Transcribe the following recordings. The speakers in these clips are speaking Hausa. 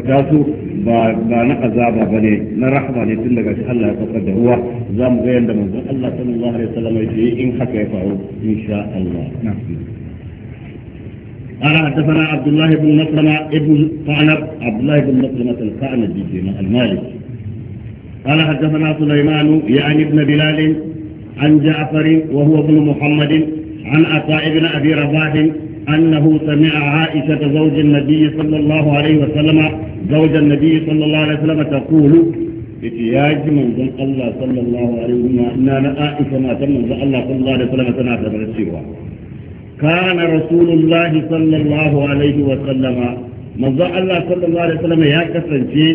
kasu ba na azaba ba ne na rahama ne tun daga Allah ya saukar da ruwa za mu ga yadda manzon Allah sallallahu alaihi wasallam yake in haka ya faru insha Allah قال حدثنا عبد الله بن مسلمة ابن قعنب عبد الله بن مسلمة القعنبي المالك قال حدثنا سليمان يعني ابن بلال عن جعفر وهو ابن محمد عن عطاء بن ابي رباح أنه سمع عائشة زوج النبي صلى الله عليه وسلم زوج النبي صلى الله عليه وسلم تقول يا من الله صلى الله عليه وسلم إننا عائشة ما تم الله صلى الله عليه وسلم تناسب السيرة كان رسول الله صلى الله عليه وسلم من الله صلى الله عليه وسلم يا كسنشي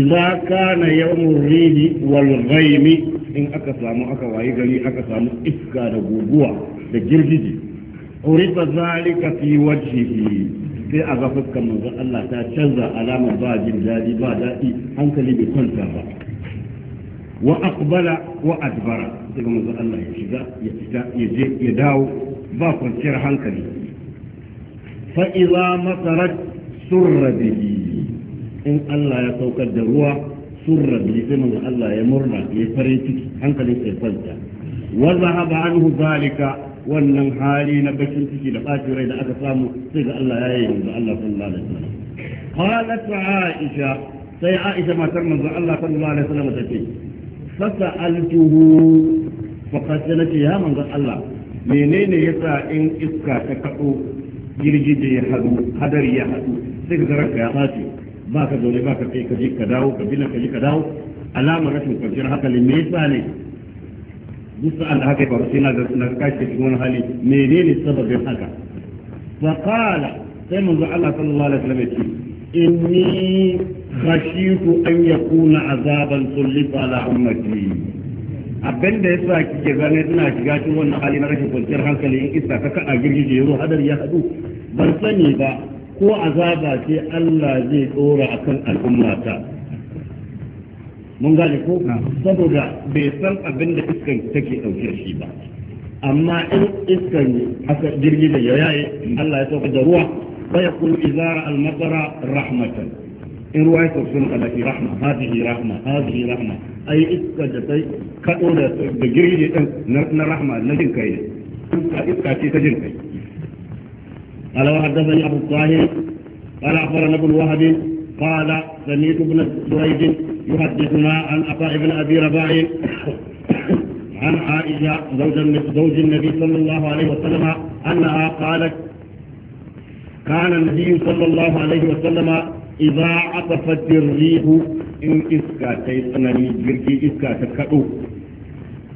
إذا كان يوم الريح والغيم إن أكسام أكواي غري أكسام إفكار غوغوة da girgiji قرب ذلك في وجهه في أغفت كما الله تشزى على مباج الجادي بعد أنك لي بكل سابع وأقبل وأدبر كما ذا الله يشزى يداو بافر سير حنكلي فإذا مطرت سر به إن الله يتوقع الدروع سر به كما ذا الله يمرنا يفريتك حنكلي سيفلت وذهب عنه ذلك wannan hali na bakin ciki da ɓacin rai da aka samu sai ga Allah ya yi yanzu Allah sallallahu alaihi wasallam qalat aisha sai aisha matar manzo Allah sallallahu alaihi wasallam ta ce fasaltuhu faqad nace ya manzo Allah menene yasa in iska ta kado girgije ya hadu hadari ya hadu sai ka ranka ya sace baka dole baka kai ka je ka dawo ka bina ka je ka dawo alamar rashin kwanciyar hankali me yasa ne bisa sa'an da haka ya faru sai na ga na kashi cikin wani hali menene sababin haka fa qala sai manzo Allah sallallahu alaihi wasallam ya ce inni khashitu an yakuna azaban sullifa ala ummati abin da yasa kike gane ina shiga cikin wannan hali na rashin kwanciyar hankali in isa ka a da yaro hadari ya hadu ban sani ba ko azaba ce Allah zai dora akan al'ummata mun gane ko saboda bai san abin da iskan take ɗauke shi ba amma in iskan aka jirgi da ya yaye Allah ya sauka da ruwa fa yaqulu izara al-matara rahmatan in ruwa ya sauka sun kada rahma hadihi rahma hadihi rahma ai iska da sai kado da da girgije din na rahma na jin kai ka iska ce ta jin kai alawa haddathani abu tahir قال أخبرنا ابن وهب قال سميت ابن سعيد يحدثنا عن عطاء بن أبي رباعي عن عائشة زوج النبي صلى الله عليه وسلم أنها قالت كان النبي صلى الله عليه وسلم إذا عطفت الريح إن إسكا تيسنني جركي إسكا تكأو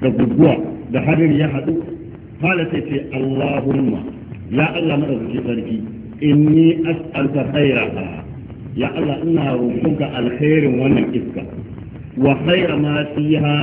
تبقوا دحرر يحدو قالت في إيه؟ اللهم يا الله اغفر لك إني أسألك خيرها ya Allah ina roƙonka alkhairin wannan iska wa khaira ma fiha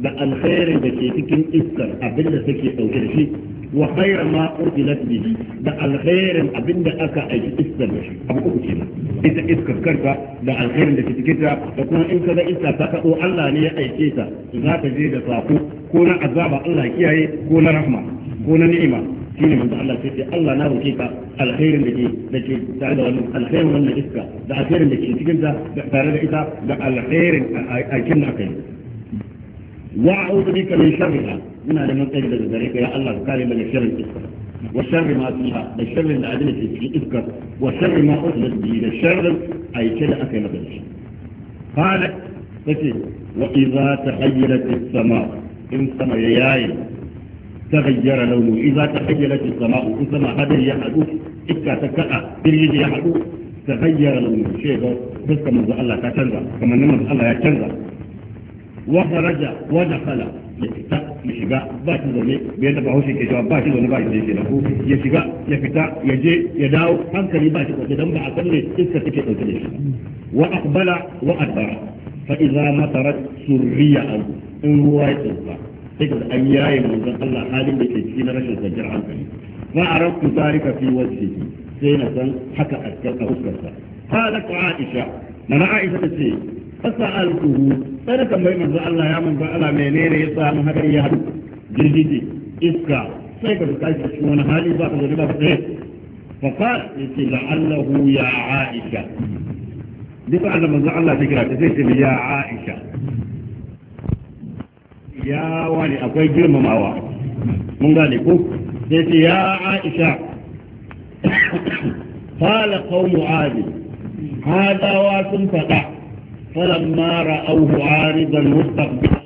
da alkhairin da ke cikin iskar abinda take dauke da shi wa khaira ma urdilat bihi da alkhairin abinda aka aiki iskar da shi abu uku kenan ita iskar karka da alkhairin da ke cikin ta da kuma in ka ga iska ta kado Allah ne ya aike ta za ta je da sako ko na azaba Allah kiyaye ko na rahma ko na ni'ima شيني من الله سيدي الله نارو كيكا الخير لكي لكي سعيد وانو الخير وانا جسكا دا الخير لكي انت كنت بحرد كيكا دا الخير اكينا اكي واعوذ بك من شرها انا لم اجد ذلك يا الله كالي من الشر والشر ما فيها الشر العدل في اذكر والشر ما اخذت به الشر اي كده اكي مدرش قالت فتي واذا تحيلت السماء ان سمع ياي تغير لونه إذا تحيلت السماء السماء هذا يحدو إكا ya بريد يحدو تغير لونه شيء بس كما الله تتنزع كما نمز الله يتنزع وخرج ودخل ya fita ya shiga ba shi zaune bai yadda bahaushe ke cewa ba shi zaune ba shi da yake ya shiga ya fita ya je ya dawo hankali ba shi kwace don ba a san ne iska da shi wa aqbala wa ruwa ya tsufa هيك الأنياء من كان الله حالي بك يكينا رشا سجر عن ما أردت ذلك في وجهه سينة حكى أكبر أكبر قالت عائشة من عائشة تسي فسألته أنا كم بين رضا الله يا من رضا الله منين يسعى مهدر يهد جلجيتي إسكا سيكا بكايك شوانا هالي باقي إيه؟ ذلك بخير فقال يسي لعله يا عائشة دي فعلا من الله تكرا تسيكي يا عائشة ya wani akwai girmamawa mun gane ko sai ce ya aisha qala qawmu adi hadawa sun fada falamma ra'awhu aridan mustaqbil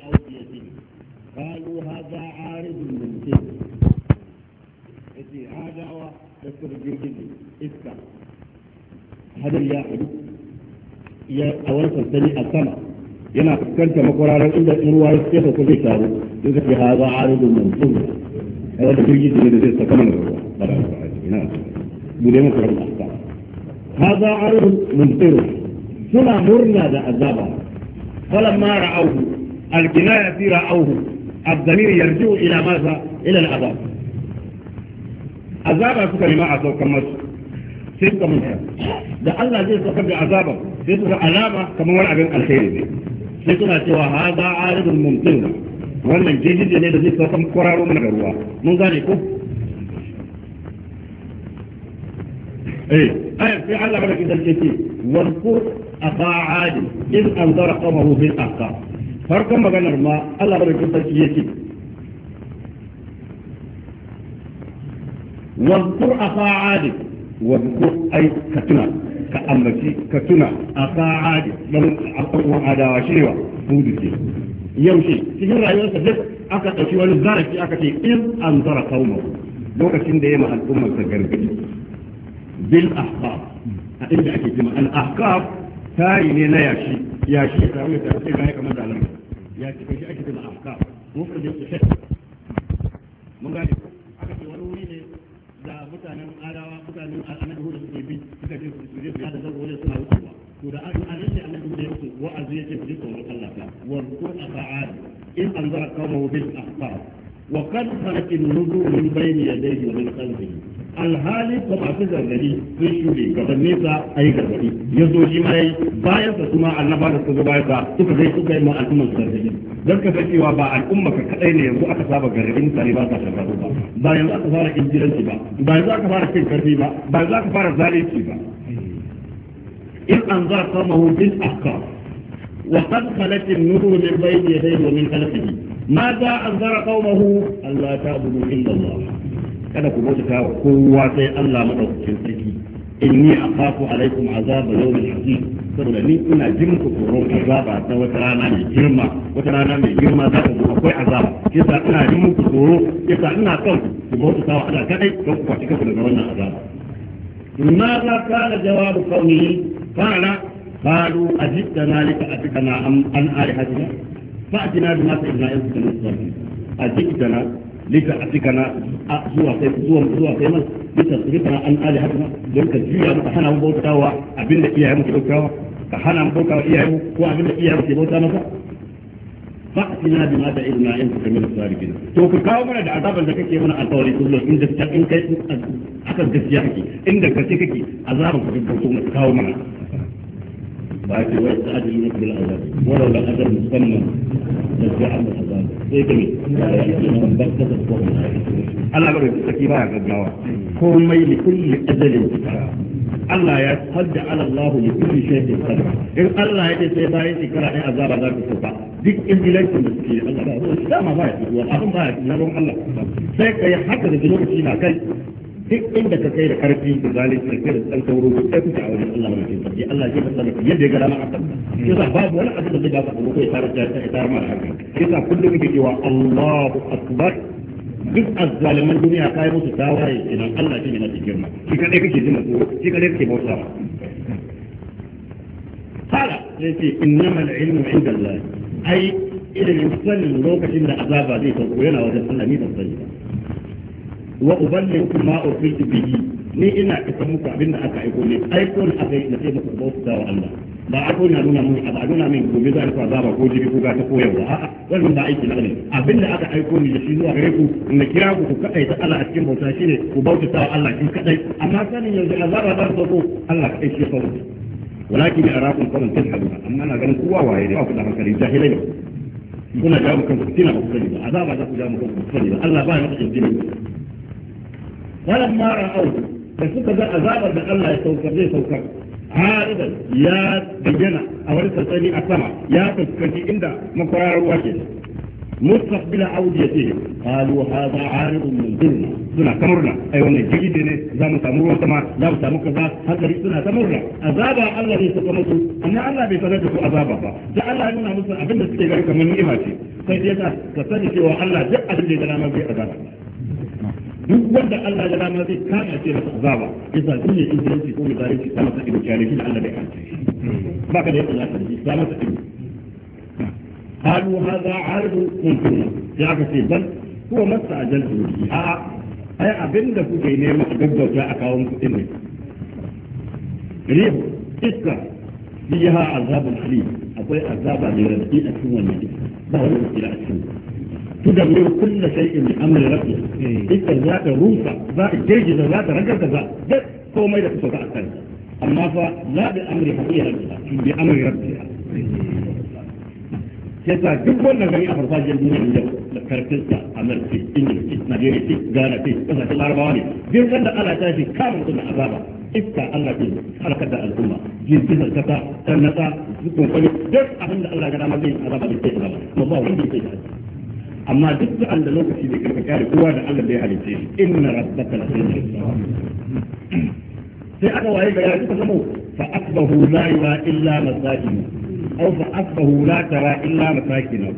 قالوا هذا عارض من السجن هذا هو تذكر الجنجل إسكا هذا يا Ya يا أولي a sama. yana fuskantar makwararar inda in ruwa ya tsefa ko zai taru sai ka ce ha za a rubu mun sun a wata jirgi ne da zai saka mana ruwa ba da ruwa ina mu dai mu rubuta ta ha za a rubu mun tsiro suna murna da azaba falamma ra'auhu alkinaya fi ra'auhu الضمير ila إلى ila إلى العذاب azaba suka nema a saukan masu sai suka mun da Allah zai saukar da azaba sai suka alama kamar wani abin alheri ne sai suna cewa ha za a rubin mumkin wannan jijiji ne da zai saukan kwararo mana ga ruwa mun gane ko eh ayat sai Allah baraka da yake wal qur aqa adi in an anzara qamahu bil aqa farkon maganar ma Allah baraka da yake wal qur aqa adi wal qur ay katuna ka ambaci ka tuna a sa'adi lamun al'uwan adawa shi ne wa hudu ke yaushe cikin rayuwarsa duk aka ɗauki wani zarafi aka ce in an zara kauma lokacin da ya ma al'ummarsa gargaɗi bil ahqaf a inda ake jima al ahqaf tari ne na yashi yashi ya kawo ta sai bayan kamar da alamu ya ce kai ake jima ahqaf mun ga da mun gane aka ce wani wuri ne da mutanen arawa mutanen annabi hudu suke bi suka je su je su yada zango wajen suna wucewa to da an an ce annabi hudu ya ce wa wa'azi yake ku ji tsoron Allah ta wa kun afa'al in anzara qawmuhu bil ahqaf wa qad khalaqan nuzur min bayni yadayhi wa min khalfihi alhali da masu gargadi sun shuɗe gaban nesa a yi gargadi ya zo shi ma yayi bayan sa kuma annaba da suka bayan sa suka zai suka yi ma al'ummar su gargadi don ka cewa ba al'umma ka kaɗai ne yanzu aka saba gargadin mutane ba sa shagaru ba ba yanzu aka fara injiranci ba ba yanzu aka fara cin karfi ba ba yanzu aka fara zalunci ba in an zara kamahu bil ahkam wa qad khalat an-nuru min bayni yadayhi wa min khalfihi ماذا أنذر قومه ألا تعبدوا إلا الله kada ku bauta wa kowa sai Allah madaukakin sarki inni akhafu alaikum azab yawmin hasib saboda ni ina jin ku tsoron azaba ta wata rana mai girma wata rana mai girma za ta zo akwai azaba kisa ina jin ku koro kisa ina son ku bauta wa Allah kadai don ku kwaci kanku daga wannan azaba ماذا كان جواب قومه قال قالوا أجبتنا لتأتنا عن آلهتنا فأتنا بما سئلنا إن كنت أجبتنا lika a cika zuwa sai zuwa zuwa sai mas bisa rufa an ali haka don ka jiya ka hana mu bautawa abinda iyaye mu ke bautawa ka hana mu bautawa iyaye mu ko abinda iyaye mu ke bauta maka fa ina bi ma da idna in ka min sarikin to ku kawo mana da azaban da kake mana alƙawari kullu in da in kai aka gaskiya kake in da kake kake azaban ku ka kawo mana بعد وقت أجل وقت الأجل ولو الأجل مستمع نجي على الأجل إيه كمي من بكتة الصور الله أقول تكيبا يا قد جوا كومي لكل أجل الله يتحدى على الله لكل شيء يتحدى إن الله يجي سيباي تكرا أي أزار أزار كسوكا ديك إنجي ليس مسكين الله ما سامة بايت والأخم بايت نروم الله سيكا يحكر بلوك سينا كي duk inda ka kai da karfi da zalunci da kai da tsan sauro da kai kuka a wajen Allah mai jin sarki Allah ya fasa maka yadda ya gara maka san yasa babu wani abin da zai ba kuma ko ya tarar da ya tarar maka yasa kullum kake cewa Allahu akbar duk azzaliman duniya kai musu tawaye idan Allah ke ne cikin ma shi kadai kake jin tsoro shi kadai kake bauta ma ce قال إنما العلم عند الله أي إذا الإنسان لوكة إن عذابه ذي تنقوينا وجدنا ميتا طيبا wa uballiku ma fiti bihi ni ina isa muku abin da aka aiko ne aiko ne aka yi na sai muku da wa Allah ba aiko na nuna mun ba nuna min gobe za ku azaba ko jibi ko gata ko yawa a'a wannan ba aiki na ne abin da aka aiko ne da shi zuwa gare ku na kira ku ku kadai ta Allah a cikin bauta shine ku bauta wa Allah kin kadai amma sanin yanzu a zaba da ku Allah kadai shi ne ba أراكم قوم تجهلون أما أنا قال قوة واحدة أو كذا ku جاهلين كنا جاءوا za ku مختلفة عذاب عذاب جاءوا كم Allah ba ya يقصد الدين falan ma ra'au da suka ga azabar da Allah ya saukar zai saukar haridan ya bayyana a wani sassani a sama ya inda makwararar ruwa ke مستقبل عوديته قالوا هذا عارض من ديننا suna ta murna ai wannan jirgi ne za mu samu ruwan sama za mu samu kaza hankali suna ta murna azaba Allah ne saka musu amma Allah bai sanar da su azaba ba da Allah ya nuna musu abin da suke gari kamar ce sai dai ka sani cewa Allah duk abin da ya gana a azaba duk wanda Allah ya dama zai kama ce da azaba yasa shi ne in sai ko da yake kama ta ido kyale da Allah bai kace ba ka da yadda zaka ji kama ta ido قالوا هذا عرض ممكن يا كثير بل هو yi a a ai abin da kuke nema a gaggauta a kawo kuɗin ne rihu iska biya azabul halim akwai azaba mai rabi a cikin wannan iska ba wani iska a cikin تدمر كل شيء بأمر ربك إذا ذات روسة ذات جيجة ذات رجل ذات ذات a farfajiyar duniya ne da karfin sa amurka ingila ce najeriya jirgin da ala ta shi kama mutum azaba iska allah ce halakar da al'umma jirgin kasa tarnasa zukun kwani duk abin da allah a. dama zai azaba da ke azaba ba amma duk da Allah lokaci da karka kare kowa da Allah da ya halice shi inna rabbaka la sai aka waye ga ya duka samu fa asbahu la yura illa masakin aw fa asbahu la tara illa masakin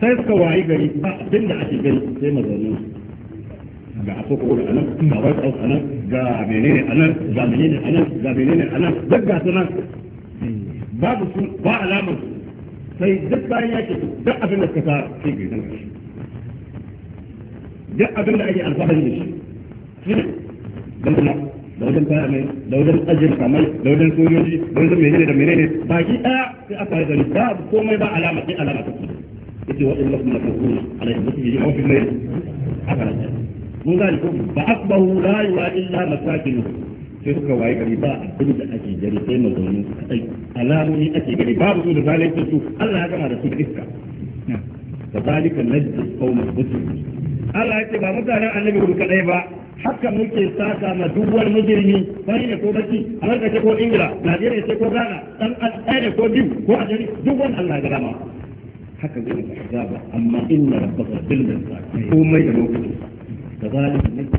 sai suka waye gari ba abin da ake gani sai mazaunin ga asoko da anan ga wasu anan ga menene anan ga menene anan ga menene anan duk ga sunan babu su ba alamar su sai duk bayan yake duk abin da suka sa sai ka zama shi duk abin da ake alfahari da shi shi ne don kuma da wajen fara mai da wajen ajiyar kamar da wajen sojoji da wajen menene da menene baki ɗaya sai aka yi gari babu komai ba alama sai alama ta kuma yake wa illa kuma ta kuma ala yadda suke yi ofin mai aka rasa mun gani ko ba a kuma hula yi yuwa illa masakinuhu sai suka waye gari ba a abin da ake gari sai mazaunin su kadai alamuni ake gari babu su da zalunci su Allah ya gama da su da iska kazalika najzi qawma mujrimin Allah ya ce ba mutanen annabi hudu kaɗai ba haka muke saka ma duk wani mujrimi bari ne ko baki Amurka ce ko Ingila Najeriya ce ko Ghana dan Algeria ko biyu ko Algeria duk wani Allah ya gama haka zai ga ba amma inna rabbaka bil ko komai da lokacin kazalika najzi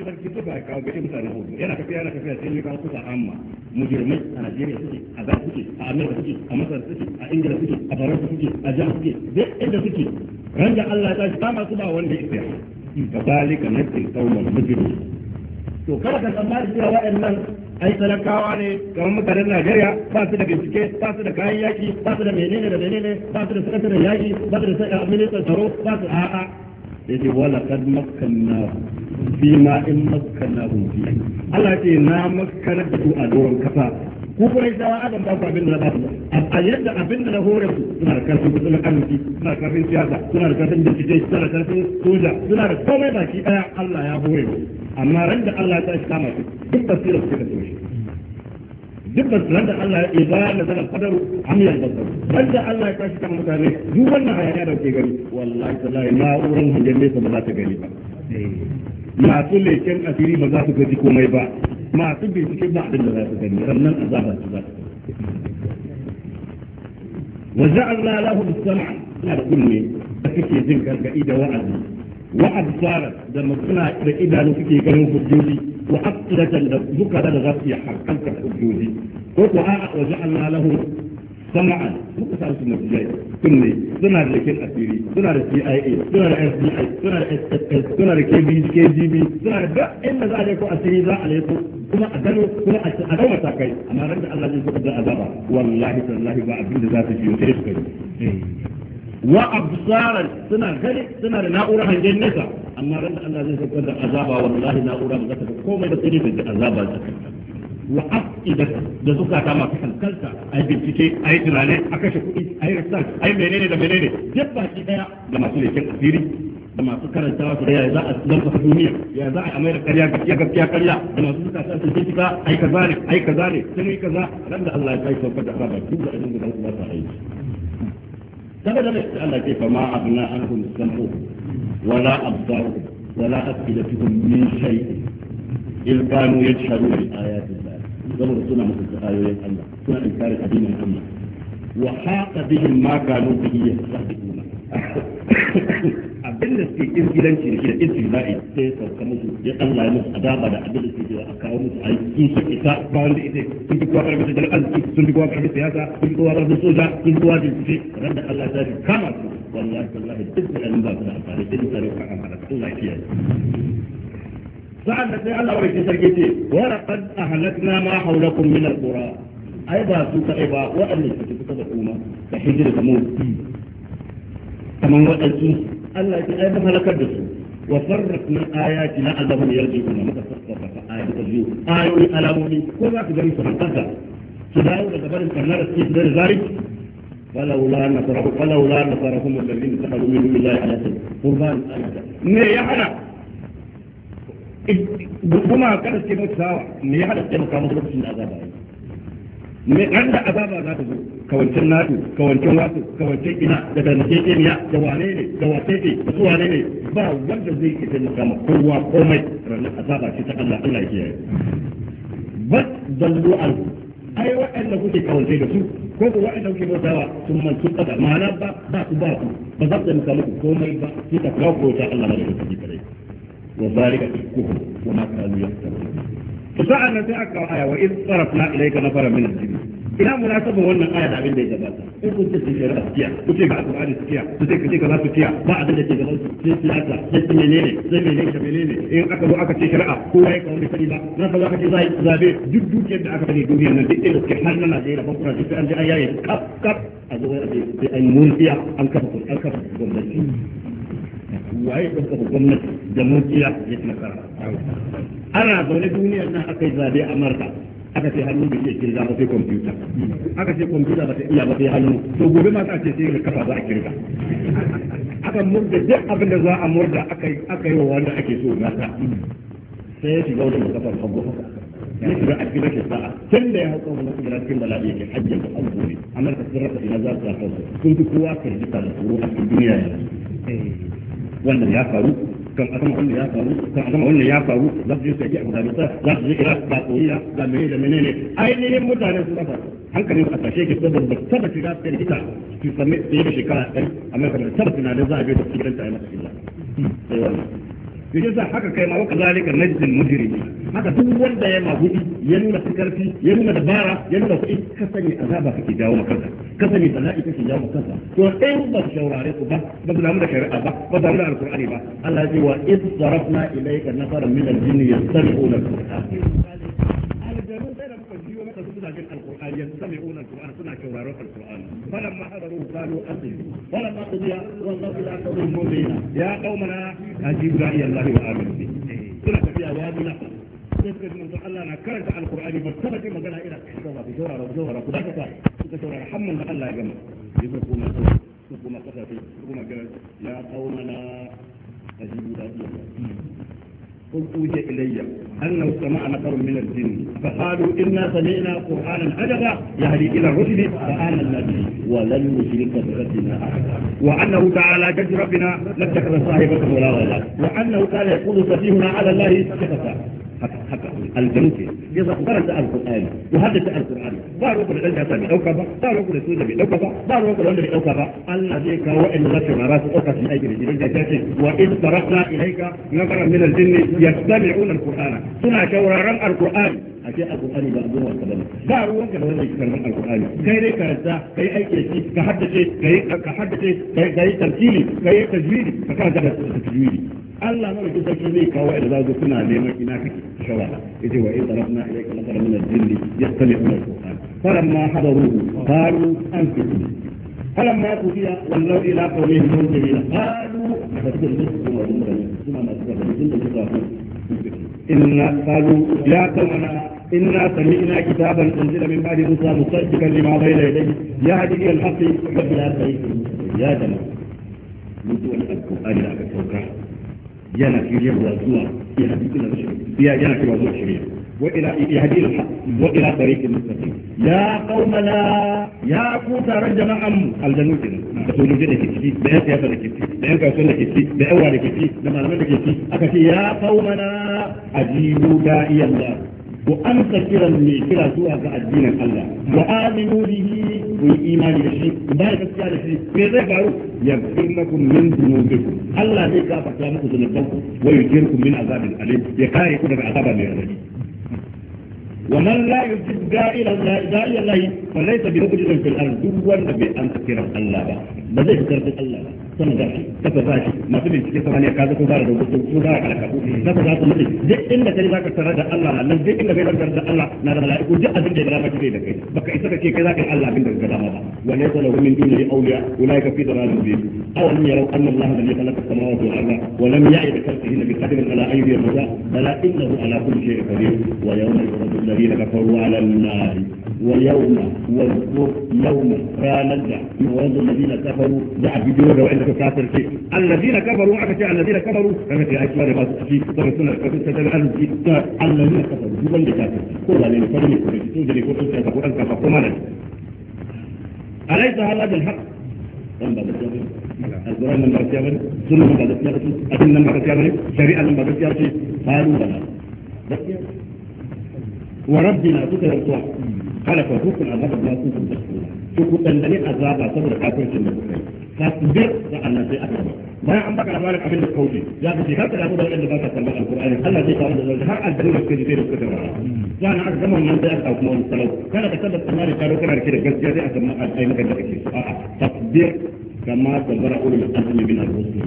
ɗauki sarki tufa ya kawo gaɗin mutane hudu yana tafiya yana tafiya sai ya kawo kusa amma mujirmai a Najeriya suke a ghana suke a Amurka suke a Masar suke a Ingila suke a Faransa suke a Jihar suke duk inda suke ran Allah ya tashi kama su ba wanda ya ka tsaya kazalika nake kauman mujirmi to kada ka tsammani cewa wa'annan ai talakawa ne kamar mutanen Najeriya ba su da bincike ba su da kayan yaki ba su da menene da menene ba su da sakataren yaki ba su da ministan tsaro ba su a'a yake wala kad makkanna fi ma in makanna hum fi Allah ce na makkar da su a doron kasa ku kuma kurai da adam ba ku abin da ba a yadda abin da na hore ku suna da karfin suna arziki suna da karfin siyasa suna da karfin dindindin suna da karfin soja suna da komai baki daya Allah ya hore ku amma ran da Allah ya tashi kama su duk basirar su ka su duk ban da Allah ya ba na zan kadaru hanyar da ban da Allah ya tashi kan mutane duk wannan haya ya dauke gari wallahi tallahi na'urar hangen nesa ba za ta gani ba masu leken asiri ba za su gaji komai ba masu bincike ba abin da za su gani sannan azaba su za wa ja'alna lahu bis-sam'a na da kunne da kake jin gargadi da wa'azi wa absara da mutuna da idanu kake ganin hujjoji مؤكدة لك بلغ في حقك الحدود وقع آه، وجعلنا له سمعا مكسر في المسجد كني سنة لكن أسيري سنة لسي اي اي سنة لأس بي اي سنة لأس اس سنة لكي بي كي جي بي سنة لبا إلا ذا عليكم أسيري ذا عليكم كما أدلوا كما أدلوا تاكي أما رجع الله جنسك ذا أدبا والله تالله وعبد ذات جيوتيش كي wa absaran suna gari suna da na'urar hangen nesa amma ran da Allah zai saukar da azaba wallahi na'ura ba za ta komai da sai da azaba ta wa afida da suka ta masu kankansa a yi bincike a yi tunane a kashe kuɗi a yi rasar a yi menene da menene duk shi daya da masu leken asiri da masu karantawa su da yaya za a lamfa duniya ya za a amai da karya gaskiya gaskiya karya da masu suka ta sun bincika ai kaza ne ai kaza ne sun yi kaza ran da Allah ya kai saukar da azaba duk da abin da za su ba ta aiki كما ذلك كيف ما أغنى عنهم السمع ولا أبصارهم ولا أفئدتهم من شيء إذ كانوا يجحدون بآيات الله قبل سنة مثل آيات الله سنة إنكار قديم الله وحاق بهم ما كانوا به يستهزئون inda suke kirkilanci da shi da istina'i sai sauka musu ya Allah ya musu azaba da abin da suke jira a kawo musu aiki su isa ba wanda ita sun fi kowa karbi tattalin arziki sun fi kowa karbi siyasa sun fi kowa karbi soja sun fi kowa jinsuce ran da Allah ta ya kama su wallahi wallahi duk da ɗan ba su da amfani sai mutane ka amfana Allah ya kiyaye sa'an da sai Allah wani sarki ce wa raqad ahlakna ma hawlakum min al-qura ai ba su kai ba waɗanda suke kusa da kuma da hijira da mutum kamar waɗansu Allah ya ai halakar da su wa farraqna ayati la annahum yarji'un maka fassafa ayatu biyu ayoyi alamomi ko za ka gani su hankanka su dawo daga barin karnar da suke da zari فلولا نصرهم فلولا نصرهم الذين اتخذوا من دون الله اناسا قربان me ya hana kuma kada su ke mutu me ya hada su taimaka musu lokacin da azaba me an da azaba za ta zo kawancin nato kawancin wato kawancin ina da kemiya da wane ne da wace ce da su wane ne ba wanda zai ke taimaka ma kowa komai ranar azaba ce ta Allah Allah ke yi ba dallu an ai waɗanda kuke kawance da su ko ko waɗanda kuke bautawa sun man sun tsada ma'ana ba ba ku ba ku ba za ku taimaka muku komai ba sai ta kawo ko ta Allah da kuke kare wa zalika kuhu wa ma kanu yastaqim sa'an nan sai aka aya wa in sarafna ilayka nafara min al ina munasaba wannan aya da abin da ya gabata in kun ce su shari'a su kiya ku ce ga alƙur'ani su kiya ce ka ce ka za su kiya ba abin da ke gaban su sai siyasa sai su menene sai menene menene in aka zo aka ce shari'a ko ya kawo da sani ba na fa aka ce za zabe duk dukiyar da aka fadi duniyar nan duk da ke har na Najeriya ban kuma duk an je an yaye kap kap a zo sai an an kafa an kafa gwamnati waye ɗan kafa gwamnati da ya nasara ana zaune duniyar nan aka yi zabe Amurka aka ce hannu bai iya kirga ba sai kwamfuta aka ce kwamfuta ba ta iya ba sai hannu to gobe ma za a ce sai da kafa za a kirga aka murda duk abin da za a murda aka yi wa wanda ake so nasa sai ya shiga wajen kafar hagu haka ya shiga a cikin rashin sa'a tun da ya hauka wani kuma cikin bala'i yake hajjin da an amma ka sun rasa ina za su sa kansu sun fi kowa firgita da tsoro a cikin duniya yanzu eh. wannan ya faru kan akan wannan ya faru kan akan wannan ya faru za su je su yi abu da za su je kira ba koyiya da mene da mene ne ainihin mutane su kafa hankalin su a tashe ke saboda ba taba shiga cikin kita su sami tsaye da shekara ɗari amma kamar taba tunanin za a biyo da cikin ta yi masa illa. Hmm. yake sa haka kai ma wa kazalika najdil mujrimi haka duk wanda ya magudi ya nuna karfi ya nuna dabara ya nuna kuɗi ka sani azaba kake jawo maka ka sani bala'i kake jawo maka to in ba shaurare ku ba ba su damu da shari'a ba ba su damu da alqur'ani ba Allah ya ce wa id sarafna ilayka nafaran min al-jinni yastami'una al-qur'an aljanu sai da muka jiyo maka su da alqur'ani yastami'una al-qur'an suna shauraron alqur'ani فلما حضروا قالوا أقيموا فلما قضي والله لا تضر المؤمنين يا قومنا داعي الله به Allah na karanta alkur'ani ba taba jin magana ina shawara ku shawara ku shawara ku dakata ya gama yasa قل أوحي إلي أنه السماء نفر من الجن فقالوا إنا سمعنا قرآنا عجبا يهدي إلى الرشد فانا به ولن نشرك بربنا أحدا وأنه تعالى جد ربنا لم تكن صاحبة ولا ولا وأنه كان يقول سفيهنا على الله شفتا haka haka aljanu ke ya za ku karanta alqur'ani ku haddace alqur'ani ba ruwan da dan ta bai dauka ba ba ruwan da soja bai dauka ba ba ruwan da wanda bai dauka ba Allah zai kawo in za ka mara su dauka su aiki da gidan da ta ce wa in tarakna ilayka nafara min aljinn yastami'una alqur'ana suna shawararran alqur'ani ake alqur'ani ba abun wasa bane ba ruwan da wanda ke karban alqur'ani kai dai karanta kai aiki da shi ka haddace kai ka haddace kai kai tafsiri kai tajwidi ka karanta da tajwidi Allah mara kusa ki zai kawo da zazo suna neman ina kake shawara yace wa in tarafna ilayka nasar min al-jinn yastami'una al-qur'an falamma hadaruhu qalu anfiqu فلما قضي ولوا الى قومهم منذرين قالوا فاذكر نفسكم وذكر ثم ما تذكر إن قالوا يا قومنا إنا سمعنا كتابا أنزل من بعد موسى مصدقا لما بين يديه يهدي إلى الحق وبلا سيف يا جماعة. Mutuwar alƙur'ani da aka sauka وإلى يهدي الحق وإلى طريق المستقيم يا قومنا يا قوت رجل أم الجنود تقولوا جدا كتير بأس يا فلك كتي بأن كوسنا كتي بأول كتي لما لم يكن كتي أكتي يا قومنا أجيبوا داعي الله وأنت كرا من كرا سوى الدين الله وآمنوا به والإيمان به ذلك السؤال في كيف يغفر لكم من ذنوبكم الله ذيك فكانكم ذنوبكم ويجيركم من عذاب أليم يقارئكم بعذاب الأليم ومن لا يجب داعي داعي الله فليس بموجود في الأرض دون أن تكرم الله بذلك تكرم الله sanin zaki kasa zaki masu bincike sama ne ka zo ko za da gudu ko za ka kalaka kasa za ku mutu duk inda kai zaka tarar da Allah nan duk inda kai zaka da Allah na da mala'iku duk abin da ya zaka kai da kai baka isa kace kai zaka Allah abin da ka dama ba wa laysa lahu min dunihi awliya ulaika fi dhalalin mubin aw lam yaraw anna Allah alladhi khalaqa as-samawati wal arda wa lam ya'id khalqihi bi qadrin ala ayyi yawmin bala innahu ala kulli shay'in qadir wa yawma yuradu alladhina kafaru ala an-nar wa yawma wa yawma ranan da yuradu alladhina kafaru da abidun da wa'inda كافر فيه الذين كفروا عبد الشيء الذين كفروا كما في عيسوان بعض الشيء ضم السنة الكافر ستبع أن الجيد الذين كفروا جبن لكافر قولا لن يفرمي كل جسود لكفر سيطبع أنك فقمنا أليس هل أجل حق ضم بعض الشيء القرآن من بعض الشيء سنة من بعض الشيء أدل من بعض الشيء شريعة من بعض الشيء قالوا لنا وربنا تكرر طوع قال فوقنا هذا الناس تكرر شكرا لنا أزرابا صبر كافر سنة ta tube da Allah sai aka ba bayan an baka labarin abin da kauce ya kace ka kada da wanda baka kallon alqur'ani Allah sai ka wanda zai har addini da kaje da kaje ya na aka gama wannan sai aka kuma wani salau kada ka tabbata kana da karo kana da gaskiya sai aka ma alƙai maka da kake a'a tasbih كما تبرأ الأهل من الرسل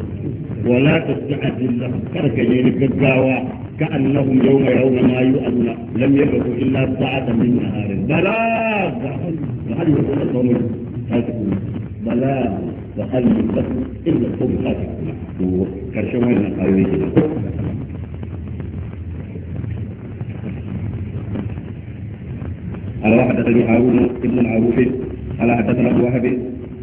ولا تستعجل لهم ترك يلك الجاوى كأنهم يوم يرون ما يؤذون لم يبقوا إلا ساعة من نهار بلاغ وهل يقول لهم بلاغ da halin da inda ko ta ko karshen wannan ayoyi ne قال ابن هارون بن معروف قال حدثنا ابو وهب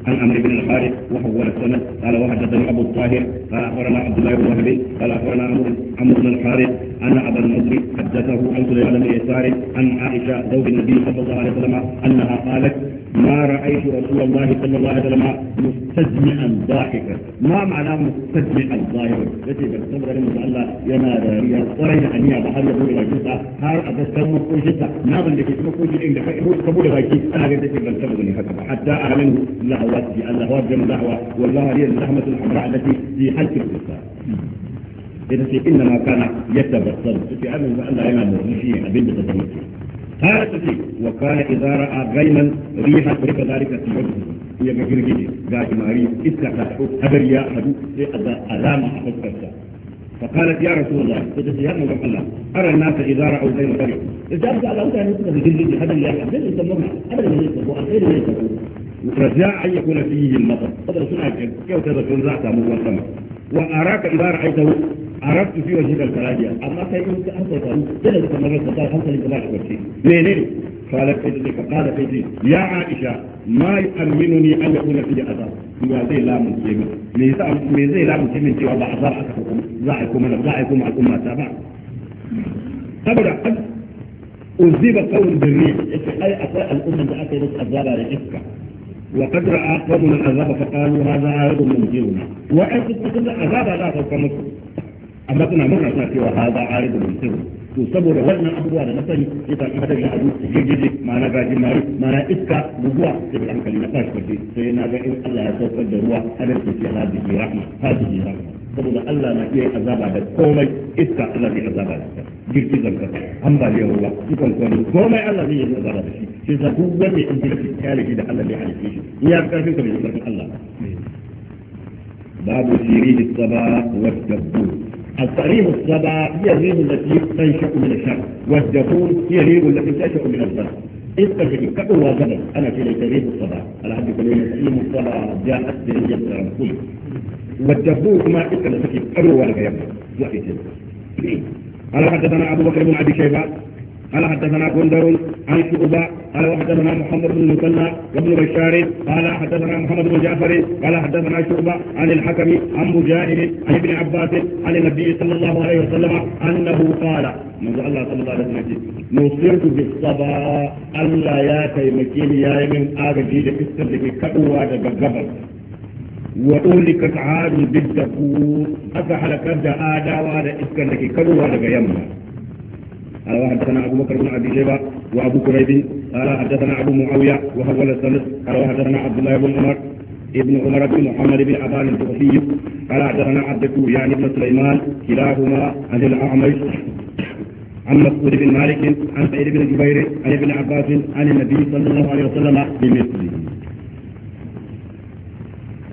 عن عمرو بن الحارث وحول السند قال وحدثني ابو الطاهر قال اخبرنا عبد الله بن وهب قال اخبرنا عمرو عمرو بن الحارث ان ابا النضر حدثه عن سليمان بن يسار عن عائشه زوج النبي صلى الله عليه وسلم انها قالت ما رايت رسول الله صلى الله عليه وسلم مستجمعا ضاحكا ما معنى مستجمعا ضاحكا التي بالصبر ان الله ينادى يا قرين ان يا بحر يقول لك جزء هار اتسمى كل جزء نظر لك اسمه كل جزء عندك هو قبول باكي انا قلت لك بالصبر اني هكذا حتى اعلنه لهوات بان لهوات جمع لهوه والله هي اللحمه الحمراء التي في حلق الجزء sai inna ma kana yatabassaru sai annabi Allah yana murmushi abin da take nufi har ta ce wa kana idza ra'a ghaiman riha bi kadhalika tiyadu ya ga girgije ga imari iska ta hadari ya hadu sai azama a fuskarta فقالت يا رسول الله قلت يا ابن الله ارى الناس اذا راوا زي ما اذا ارجع لو كان يسمع بالجلد هذا اللي يحصل ليس يسمونه ابدا ليس يسمونه الخير ليس يسمونه رجاء أن يكون فيه المطر قدر سنة كيف تكون ذات أمور السماء وأراك إذا رأيته أردت في وجهك الكراجية أما كيف أنت تعلم جلد كما رأيت تعالى خمسة لكبار شيء ليه قالت فيتك قال فيتي يا عائشة ما يؤمنني أن يكون في أثر ما زي لا مسلم من زي لا مسلم في وضع أثر ضعكم أنا ضعكم معكم ما تابع أبدا أن أذيب قول بالريح أي أثر الأمة أتت أذابها لإسكا وقد رأى قوم العذاب فقالوا هذا عارض ممجرنا وأنت تقول العذاب لا تفهمك amma suna murna suna cewa ha za a rage mutum to saboda wannan abubuwa da na sani ya sa kuma da abu jirgije ma'ana gaji mari ma'ana iska guguwa da bi hankali na sashi kwaje sai na ga in Allah ya saukar da ruwa adalci ya hadihi rahma hadihi rahma saboda Allah na iya azaba da komai iska Allah zai azaba da ita girgizar kasa ambaliyar ruwa dukan kwani komai Allah zai yi azaba da shi shi za duk wanda in girki kyale shi da Allah zai halice shi ya karfin ka bai karfin Allah babu sirri saba wa dabbur الطريق السبع هي الريح التي تنشأ من الشمس والجفون هي الريح التي تنشأ من البحر استجد كأوى زمن أنا في الريح السبع على حد كلمة السبع جاءت بريح الرسول والدبور ما إسلم سكي أبو ولا يا زكي قال حدثنا أبو بكر بن أبي شيبة قال حدثنا بندر عن شعبة قال وحدثنا محمد بن المثنى وابن بشار قال حدثنا محمد بن جعفر قال حدثنا شعبة عن الحكم عن مجاهد عن ابن عباس عن النبي صلى الله عليه وسلم أنه قال من الله صلى الله عليه وسلم نصرت بالصبا ألا يا تيمكين يا من آغجي لكسر لكي كأوا دقبر وأولكت عاد بالدفور أفحل كد آداء وعلى إسكن لك كدوا لك يمنا قال وحدثنا أبو بكر بن أبي شيبة وأبو كريب قال حدثنا أبو معاوية وحول السند قال وحدثنا عبد الله بن عمر ابن عمر بن محمد بن عبان الكوفي قال حدثنا عبد يعني بن سليمان كلاهما عن الأعمش عن مسعود بن مالك عن سعيد بن جبير عن ابن عباس عن النبي صلى الله عليه وسلم بمثله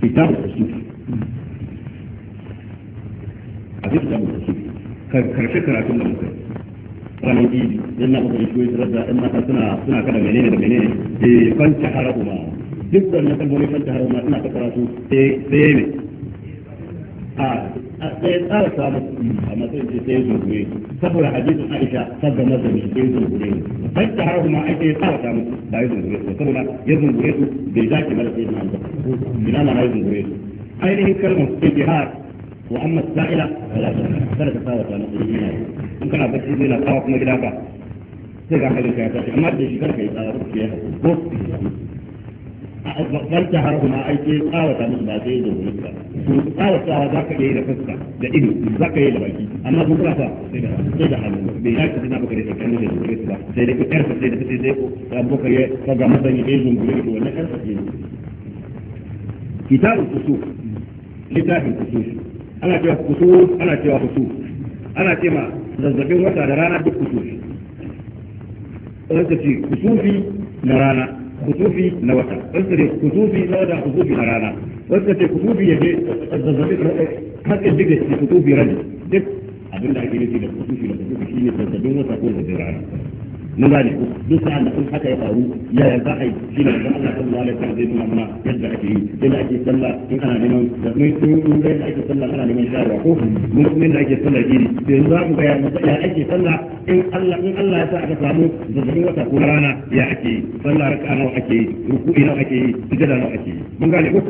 kitab usul a kitab usul karshe karatun da muka ranar idi yan na kuka shi da da yan mata suna suna kada menene da menene eh fanta ma. duk wannan kalmomi fanta harabuma suna ta karatu sai eh, sai ne ah, sai tsara samu a matsayin ce sai zurgure saboda hadisin Aisha sabda mazhabi sai zurgure sai ta har kuma ake tsara samu ba ya zurgure su saboda ya zurgure su bai dace mara sai na ba ina ma ya zurgure su ainihin kalmar ijtihad wa amma sa'ila fala kada ka tsara samu ina in kana bacci zai na tsawa kuma gida ka sai ga halin ka ya tashi amma da shi kar ka yi tsara ko zarta har kuma aiki tsawata musu ba sai da fuska to tsawatawa za ka yi da fuska da ido za ka yi da baki amma kun kula sai da hannu bai ya ka tana baka da kan da zuri ba sai da kar ka sai da sai da ko da baka ya ka masa ne dai zungure to wannan kar ka ne kitabul usul litafin usul ana cewa usul ana cewa usul ana cewa zazzabin wata da rana duk usul lokaci kusufi na rana kutufi na wata wasu ne kutufi na wata kusufi a rana wasu ne kusufi ya je zazzabi hakan duk da shi kusufi rani duk abin da ake nufi da kusufi da kusufi shi ne zazzabin wata ko zazzabin rana mun gane ku duk sa'an da kun haka ya faru ya ya za a yi shi ne da Allah sallallahu alaihi wasallam zai nuna mana yadda ake yi yadda ake sallah in ana neman da mun mun ga yadda ake sallah ana neman shayarwa ko mun kuma yadda ake sallah gidi yanzu za mu ga ya ake sallah in Allah in Allah ya sa aka samu zazzabin wata ko rana ya ake yi sallah raka'a nawa ake yi ruku'i nawa ake yi sujada nawa ake yi mun gane ku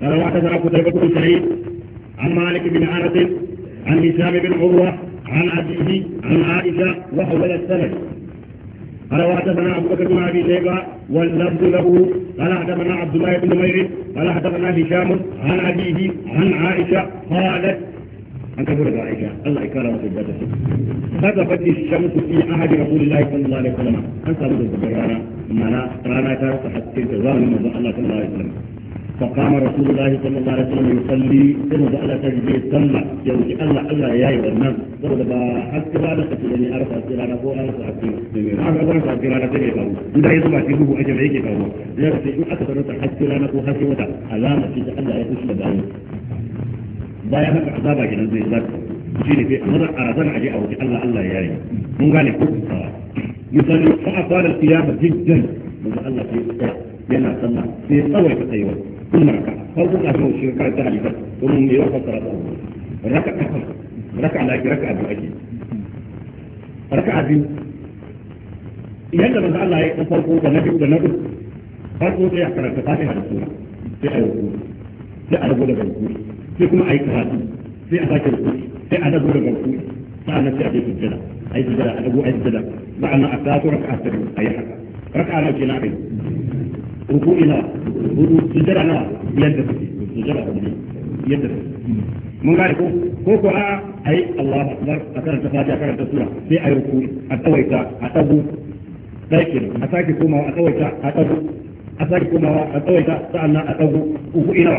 قال وحدثنا قتيبة بن سعيد عن مالك بن انس عن هشام بن عروه عن عبده عن عائشة وحول السند قال حدثنا ابو بكر بن ابي شيبه واللفظ له قال حدثنا عبد الله بن نمير قال حدثنا هشام عن ابيه عن عائشه قالت أن تقول عائشة الله يكرمك يكرم سجدته خطفت الشمس في عهد رسول الله صلى الله عليه وسلم أنت أبو الزبرانة منا رانا تحت تلك ظالم الله صلى الله عليه وسلم فقام رسول الله صلى الله عليه وسلم يصلي ثم سأل تجدي صلى يوم الله الله يا أيها الناس ضرب حتى بعد قتلني أرفع سيرانا فوق أرفع سيرانا أنا أرفع سيرانا تجي فهو إذا يضبع في أجل هيك فهو في تجيه أكثر حتى سيرانا فوق حتى وتا في إذا الله يخش لبعض لا يحب عذابك إلى زي ذلك شيني في مرة أرادنا أجي أوجي الله الله يا أيها من قال يقول يصلي فأطال القيامة جدا وقال الله في يلا صلى في طول في ثم ركع فرض yadda Allah ya farko da na da na farko sai a karanta fatiha da sai a rubuta sai a rubuta da rubuta sai kuma a yi karatu sai a sake sai a sai a sujjada a yi sujjada a a yi sujjada a a yi haka na ruku'ina sujjadana yadda kake sujjada da yadda kake mun gane ko ko ko a ayi Allahu akbar a karanta fatiha karanta sura sai ayi ruku a tawaita a tabu dake a sake komawa a tawaita a tabu a sake komawa a tawaita sa'annan a tabu uku ina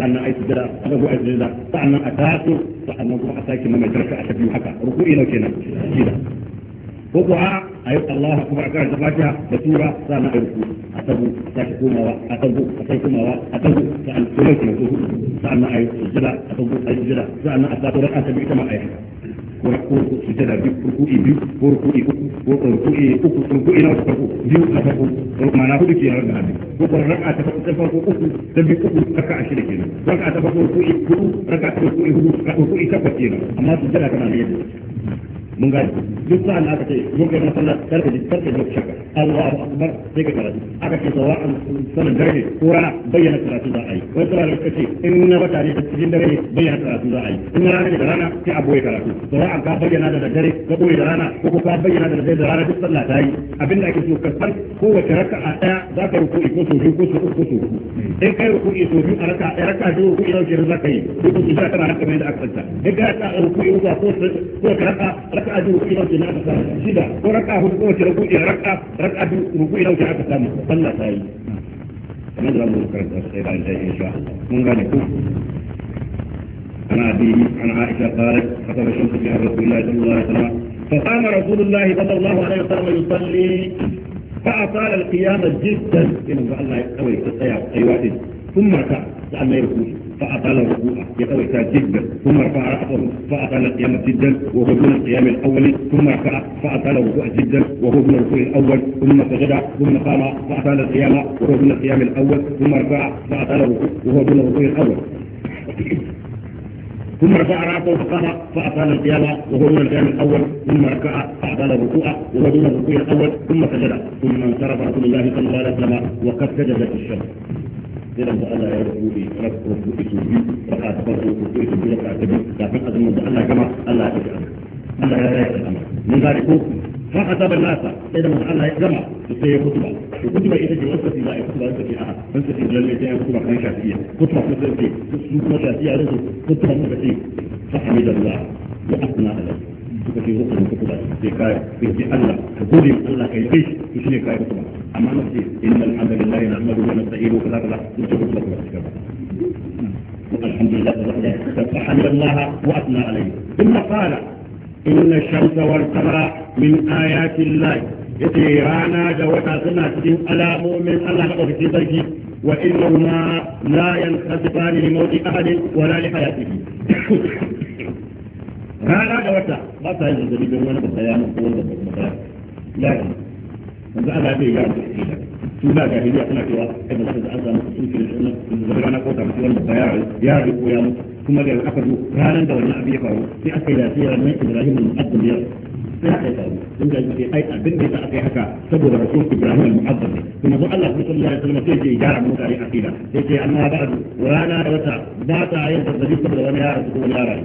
sannan ayi sujjada a tabu ayi sujjada sa'annan a tasu sa'annan kuma a sake mamaita ka a tabu haka ruku'ina kenan shida ko ko a ayi Allahu akbar ka da fatiha da sura sana ayi ku a tabu ta komawa a tabu a kai komawa a tabu ta an kuma ki ku sana ayi jira a tabu ayi sujada sana a tabu raka bi kama ayi ko ko jira bi ko ku bi ko ku ku ko ko ku ku ku ku ina ko ku bi ko ku ko mana ku ki yarda bi ko ko raka ta ta fa ko ku da bi ku raka ashira kenan raka ta fa ko ku ku raka ta ku ku ku ku ita kenan amma sujada kana da mun gane duk sa'an aka ce mun ga sallah karfe ne karfe ne shaka Allahu akbar sai ka karatu aka ce sawa'an sanan dare ko rana bayyana karatu za a yi wai sallah da kace in na bata ne cikin dare ne bayyana karatu za a yi in rana ne da rana sai a boye karatu sawa'an ka bayyana da dare ka boye da rana ko ka bayyana da dare da rana duk sallah ta yi abinda ake so ka san kowace a daya za ka yi ko so biyu ko so uku so uku in kai ko so biyu a raka'a daya raka'a biyu ruku'i yau ke za ka yi ko so biyu za ka na raka'a da aka tsanta in ka raka'a ruku'i uku ko ko raka'a raka'a biyu kuɗi nauke na aka samu shida ko raka'a hudu ko wace rukuɗi raka'a raka'a biyu rukuɗi nauke aka samu sallah ta yi kamar da mu karanta sai da ta yi mun gane ku عن أبيه عائشة قالت الشمس رسول الله صلى الله عليه وسلم فقام رسول الله صلى الله عليه وسلم يصلي فأطال جدا الله ثم ركع لأنه يركوش فأطال الركوع يقوي جدا ثم رفع رأسه فأطال القيام جدا وهو دون القيام الأول ثم رفع فأطال الركوع جدا وهو دون الركوع الأول ثم سجد ثم قام فأطال القيام وهو دون القيام الأول ثم رفع فأطال الركوع وهو دون الركوع الأول ثم رفع رأسه فقام فأطال القيام وهو دون القيام الأول ثم ركع فأطال الركوع وهو دون الركوع الأول ثم سجد ثم انصرف رسول الله صلى الله عليه وسلم وقد سجدت الشمس jiran da Allah ya rubuce ana kuma su su bi raka ta farko ko su bi ta da kafin azumin da Allah gama Allah ya tafi Allah ya tafi mun gane ko fa asabar nasa sai da Allah ya gama sai ya kutuba to kutuba ita ce wasu da ita kutuba take a san sai da lalle ta kutuba kan shafiya kutuba ko sai ce su kuma shafiya da su kutuba ne da ce fa hamidallah ya asna alaihi suka ce hukun da kuka sai kai sai ji Allah ka gode wa Allah kai kai to shine kai kuma amma na ce innal hamdalillahi nahmaduhu wa nasta'inuhu wa nastaghfiruhu wa nastaghfiruhu wa nastaghfiruhu الحمد لله وحده فحمد الله واثنى عليه ثم قال ان الشمس والقمر من ايات الله yace rana da wata suna cikin alamomin Allah na ɗaukaki sarki wa inna ma la yanqasifani li mawti ahadin wa la li hayatihi rana da wata ba sa yin zazzabi don wani babba ya mutu wanda ba kuma ba ya yanzu ana bai ya su da ga hiriya suna cewa kai da zaka an samu su ke da zazzabi rana ko ta mutu wanda ba ya ya ko ya mutu kuma da aka zo ranar da wannan abin ya faru sai aka yi lafiya na Ibrahim al-Mu'azzam ya sai aka yi faru in ga yake ai abin da aka yi haka saboda rasul Ibrahim al-Mu'azzam kuma zo Allah sallallahu alaihi wasallam sai ya gyara mu tare akida sai ce amma ba'du rana da wata ba ta yin zazzabi saboda wani yaro ko wani yaro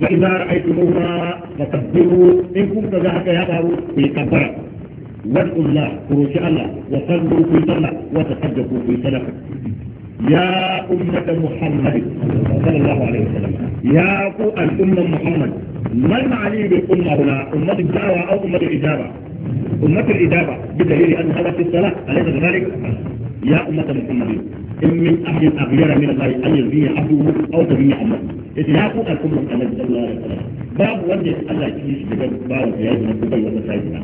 فإذا رأيتموها فكبروا إن كنت ذاك يا بارو في كبرة وادعوا الله فروش الله وصلوا في صلاة وتصدقوا في صدقة يا أمة محمد صلى الله عليه وسلم يا الأمة محمد ما المعني بالأمة هنا أمة الدعوة أو أمة الإجابة أمة الإجابة بدليل أن هذا في الصلاة أليس كذلك؟ يا أمة محمد إن من أحد أغير من الله أن يزني عبده أو تبني عمله إذ لا أقول لكم محمد صلى الله عليه وسلم باب وجه الله يكيش بجد باب زياد نبوي وتساعدنا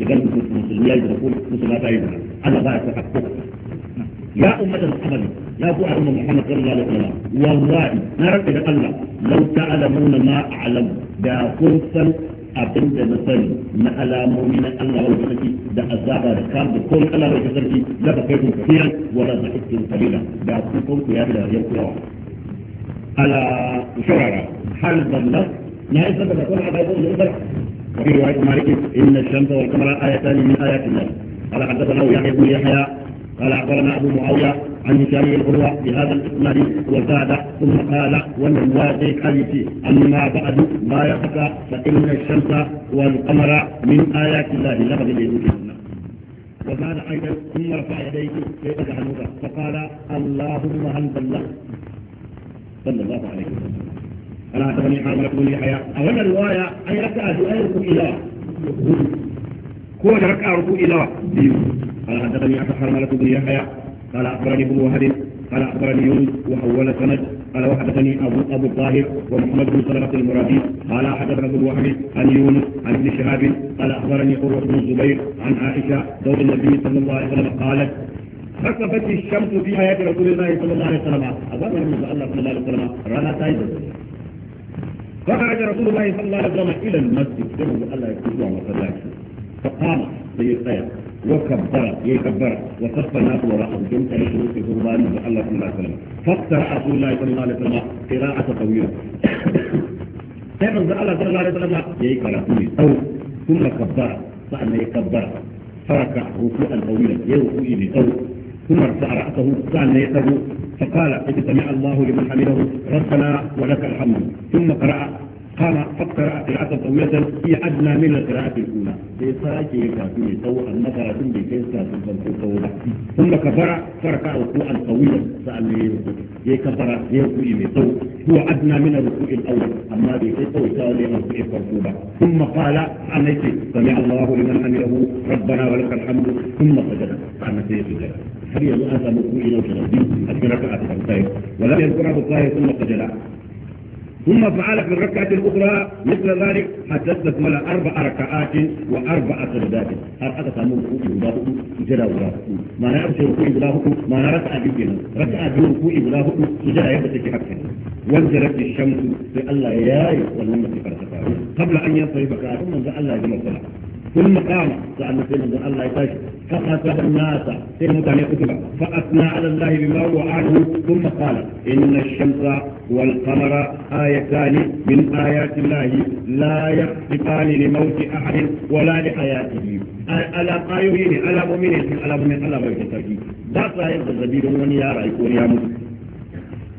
بجد المسلمين يقول مسلمات أيضا أنا لا أتحقق يا أمة محمد يا أبو أمة محمد صلى الله عليه وسلم والله نرد إلى الله لو تعلمون ما أعلم دا كنت abin da na sani na alamomi na Allah wa sarki da azaba da kam da kowane Allah wa sarki da ba kai kun kafiyar wala da ikin kalila da ku kanku ya da yan kulawa ala shawara hal balla na yi saka da kuma hada ko da saka wa bi riwayat malik inna ash-shamsa wal qamara ayatan min ayati Allah قال حدثنا يحيى بن يحيى قال اخبرنا ابو معاويه عن هشام بن عروه بهذا الاسناد وزاد ثم قال ومن واقع حديثي اما بعد ما يخفى فان الشمس والقمر من ايات الله لقد اليهود وقال ايضا ثم رفع يديه فيقدح النور فقال اللهم هل بلغت صلى الله عليه وسلم انا اعتبرني حرمه بن يحيى اول الروايه ان يركع دعائكم الى هو ركع ركوع دواء قال حدثني أبو حرملة بن يحيى قال أخبرني ابن وهب قال أخبرني يونس وحول سند قال وحدثني أبو أبو الطاهر ومحمد بن سلمة المرادي قال حدثنا ابو وهب عن يونس عن ابن شهاب قال أخبرني قره بن الزبير عن عائشة زوج النبي صلى الله عليه وسلم قالت خسفت الشمس في حياة رسول الله صلى الله عليه وسلم أبدا الله صلى الله عليه وسلم رانا تايزر فخرج رسول الله صلى الله عليه وسلم إلى المسجد يقول الله يكتبه على فقام سيدنا وكب برد يكب برد وقصف الناس وراءهم جمت لكم في قربان وقال لكم الله سلام فقط رسول الله صلى الله عليه وسلم قراءة طويلة سيما ذا الله صلى الله عليه وسلم يكب رسولي أو ثم كبر فأنا يكب برد فركع ركوعا طويلا يوكو إلي أو ثم ارفع رأسه فأنا يكب فقال إذا سمع الله لمن حمله ربنا ولك الحمد ثم قرأ قال فقراءة العصر طويلة هي أدنى من القراءة الأولى في صلاة يكافي سوى النفرة بكيسة تنفر ثم كفر فركع وقوعا طويلا سأل يكفر يركوع بسوء هو أدنى من الركوع الأول أما بكيسة وسأل الركوع الفرسوبة ثم قال عليك سمع الله لمن أمره ربنا ولك الحمد ثم سجد أنا سيسجد هل يزال هذا مكوئ لو شغل أذكرك أتفكر ولم يذكر أبو ثم سجد ثم فعل في الركعة الأخرى مثل ذلك حدثت ملا أربع ركعات وأربع سجدات أرأت سامون في إبلاه سجدة ولا ما أنا أبشر في إبلاه ما أنا ركعة بيجينا ركعة في ركوع إبلاه سجدة يبتك حقا وانزلت الشمس في الله ياي والنمة فرسكا قبل أن ينصرف كاتم من ذا الله يجمع صلاة ثم قام سألنا من الله يتاشر فقتل الناس سيدنا متعني قتل فأثنى على الله بما هو عنه ثم قال إن الشمس والقمر آيتان من آيات الله لا يخطفان لموت أحد ولا لحياته ألا قايوين ألا مؤمنين ألا مؤمنين ألا مؤمنين لا صاحب الزبير ونيا رأيكون يا مسلم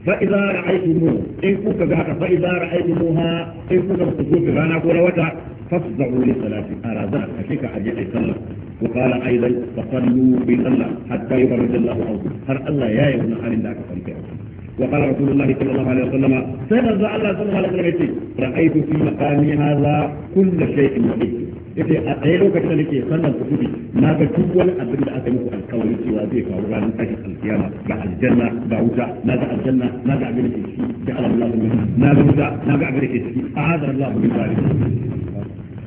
فإذا رأيتموه إن كنت ذاك فإذا رأيتموها إن كنت بتقول في غانا كل وتا فافزعوا للصلاة أرادات أشيك أجل الصلاة وقال أيضا فصلوا بالله حتى يبرد الله أرضه هل الله يا يبنى عن ذاك فانتعوا وقال رسول الله صلى الله عليه وسلم سنرزع الله صلى الله عليه وسلم رأيت في مقامي هذا كل شيء مبيت إذا أقيلوا كتلك صلى الكتب ما بكتب ولا أبدا أتمه الكون في وزيك وغان أجل القيامة بعد الجنة بعوجة ماذا الجنة ماذا أبدا كتب جعل الله منه ما أبدا ماذا أبدا كتب أعاذ الله من ذلك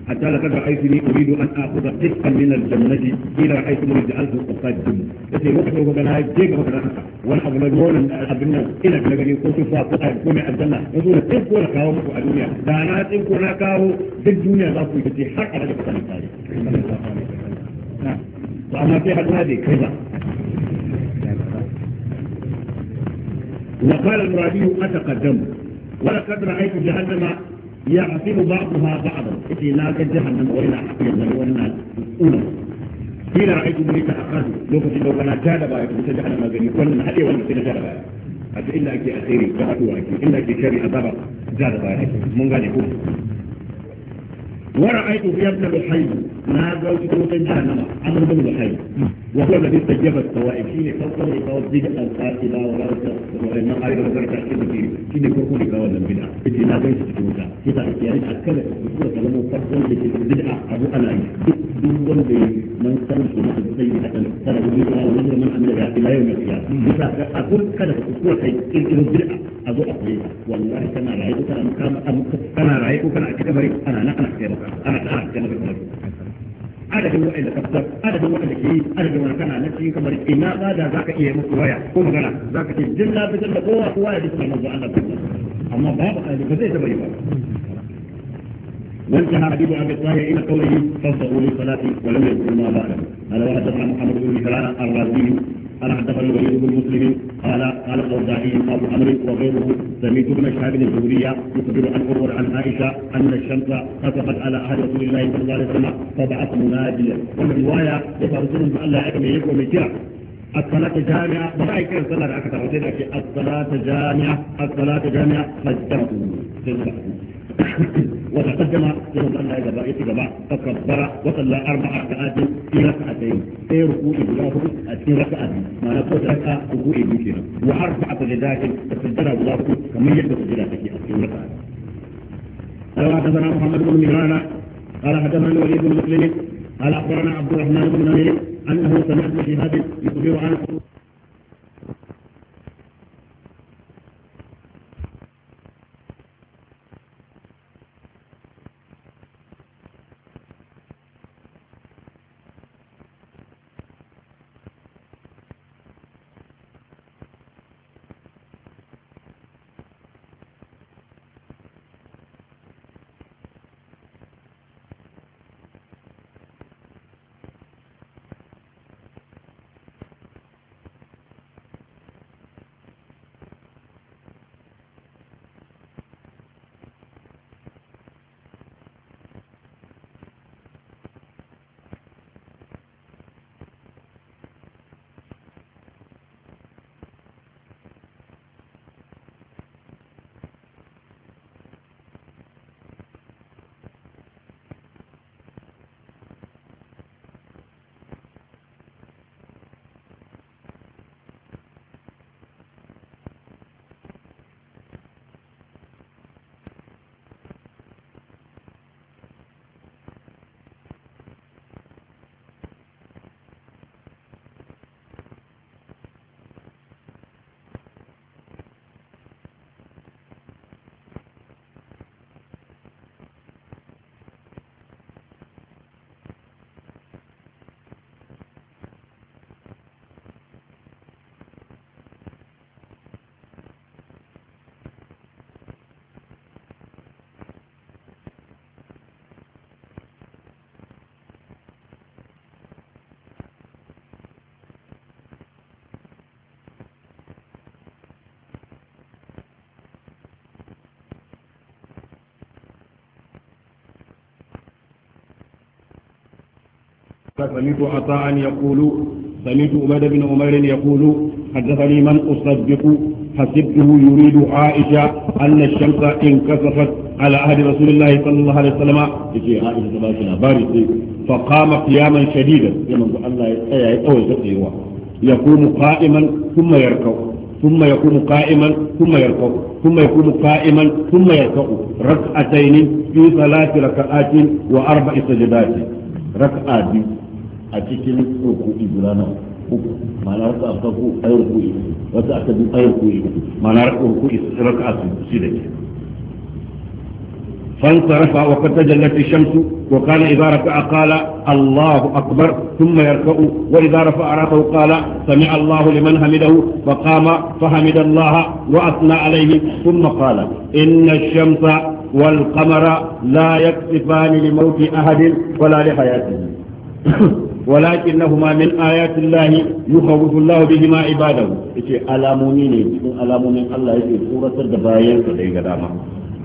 حتى لقد رأيتني أريد أن آخذ قسطا من الجنة إلى حيث جعلته قصاد الدم يتي روحي وقنا جيك وقنا أنت وأنا أبنى جولا أبنى إلى بلغني قلت فاقوا أبكم الجنة يقول تبكوا لكاو مكو الدنيا دانا تبكوا لكاو دي الدنيا يتي حق على جبتان نعم. الثاني وأما في حد هذه كذا وقال المرادي أتقدم ولقد رأيت جهنم يعصب بعضها بعضا إذا لا تجه كجهنم ولا من ولا الأولى قيل رأيت بريك أخاذ لو كنت لو كان جاد بايك وتجهنم بني كل من حتى ولا كنت جاد بايك أتى إلا كي أسيري جاد بايك إلا كي شري أضرب جاد بايك من قال يقول ورأيت ثيابنا بالحي ما زوجت من جهنم أمر من الحي وهو الذي استجاب التوائب شيني فصل لتوزيج القاتلة ورأيت وإن خير وزرك أكيد الدين حين كفور لتوزن بدعة إذا ما زوجت في مدعة إذا اختياري أكد بسورة لما فصل لتوزيجها أبو ألاي دول من سنة سنة السيد أكل ترى وزيجها وزر من أمرها إلى يوم القيامة إذا أقول كذا بسورة إذا بدعة أبو أقليها والله كما رأيت كان أنا رأيت كان أكتبري أنا نحن أكتبري ana ana kuma adadin wa'anda ka adadin wa'anda ke yi adadin wani kana na cikin kamar ina da za ka iya musu waya ko magana za ka ce jin na da kowa kowa ya fitar manzo Allah amma babu ɗalibi ba zai taɓa yi ba وانتهى حبيب ابي الطاهر الى قوله فانصروا للصلاه ولم يذكروا ما بعده a وحدثنا محمد بن مهران الرازي قال حدثني وليد بن مسلم قال قال الضوزاعي ابو عمرو وغيره سميت بن شهاب الزهري يخبر عن عمر عن عائشه ان الشمس خسفت على احد رسول الله صلى الله عليه وسلم فبعث مناديا ومن روايه يسال رسول الله صلى يكون الصلاة جامعة ما الصلاة أكثر الصلاة جامعة الصلاة جامعة فاجتمعوا وتقدم يوم أن إذا رأيت جماعة فكبر وصلى أربع ركعات في ركعتين في ركوع الله في ركعة ما نقول ركعة ركوع المشيرة وأربع سجدات تسجدها الله كما يجب سجداتك في ركعة قال حدثنا محمد بن ميران قال حدثنا الوليد بن مسلم قال أخبرنا عبد الرحمن بن نمير أنه سمع بن شهاب يخبر عنه سمعت عطاء يقول سمعت عباد بن عمير يقول حدثني من أصدق حسبته يريد عائشة أن الشمس انكسفت على عهد رسول الله صلى الله عليه وسلم يجي عائشة تبارك الله فقام قياما شديدا كما الله يقول يقوم قائما ثم يركع ثم يقوم قائما ثم يركع ثم يقوم قائما ثم يركع ركعتين في ثلاث ركعات واربع سجدات ركعة a cikin ruku'i guda nawa uku ma'ana wasu aka ku ayar ku'i wasu aka bi ayar ku'i uku ma'ana ruku'i raka'a su shida ke فانصرف وقد تجلت الشمس وكان إذا ركع قال الله أكبر ثم يركع وإذا رفع رأسه قال سمع الله لمن حمده فقام فحمد الله وأثنى عليه ثم قال إن الشمس والقمر لا يكسفان لموت أحد ولا لحياته ولكنهما من ayatullahi الله يخوف الله بهما عباده يتي علاموني ne cikin alamomin Allah yake tsoratar da bayansa da ga dama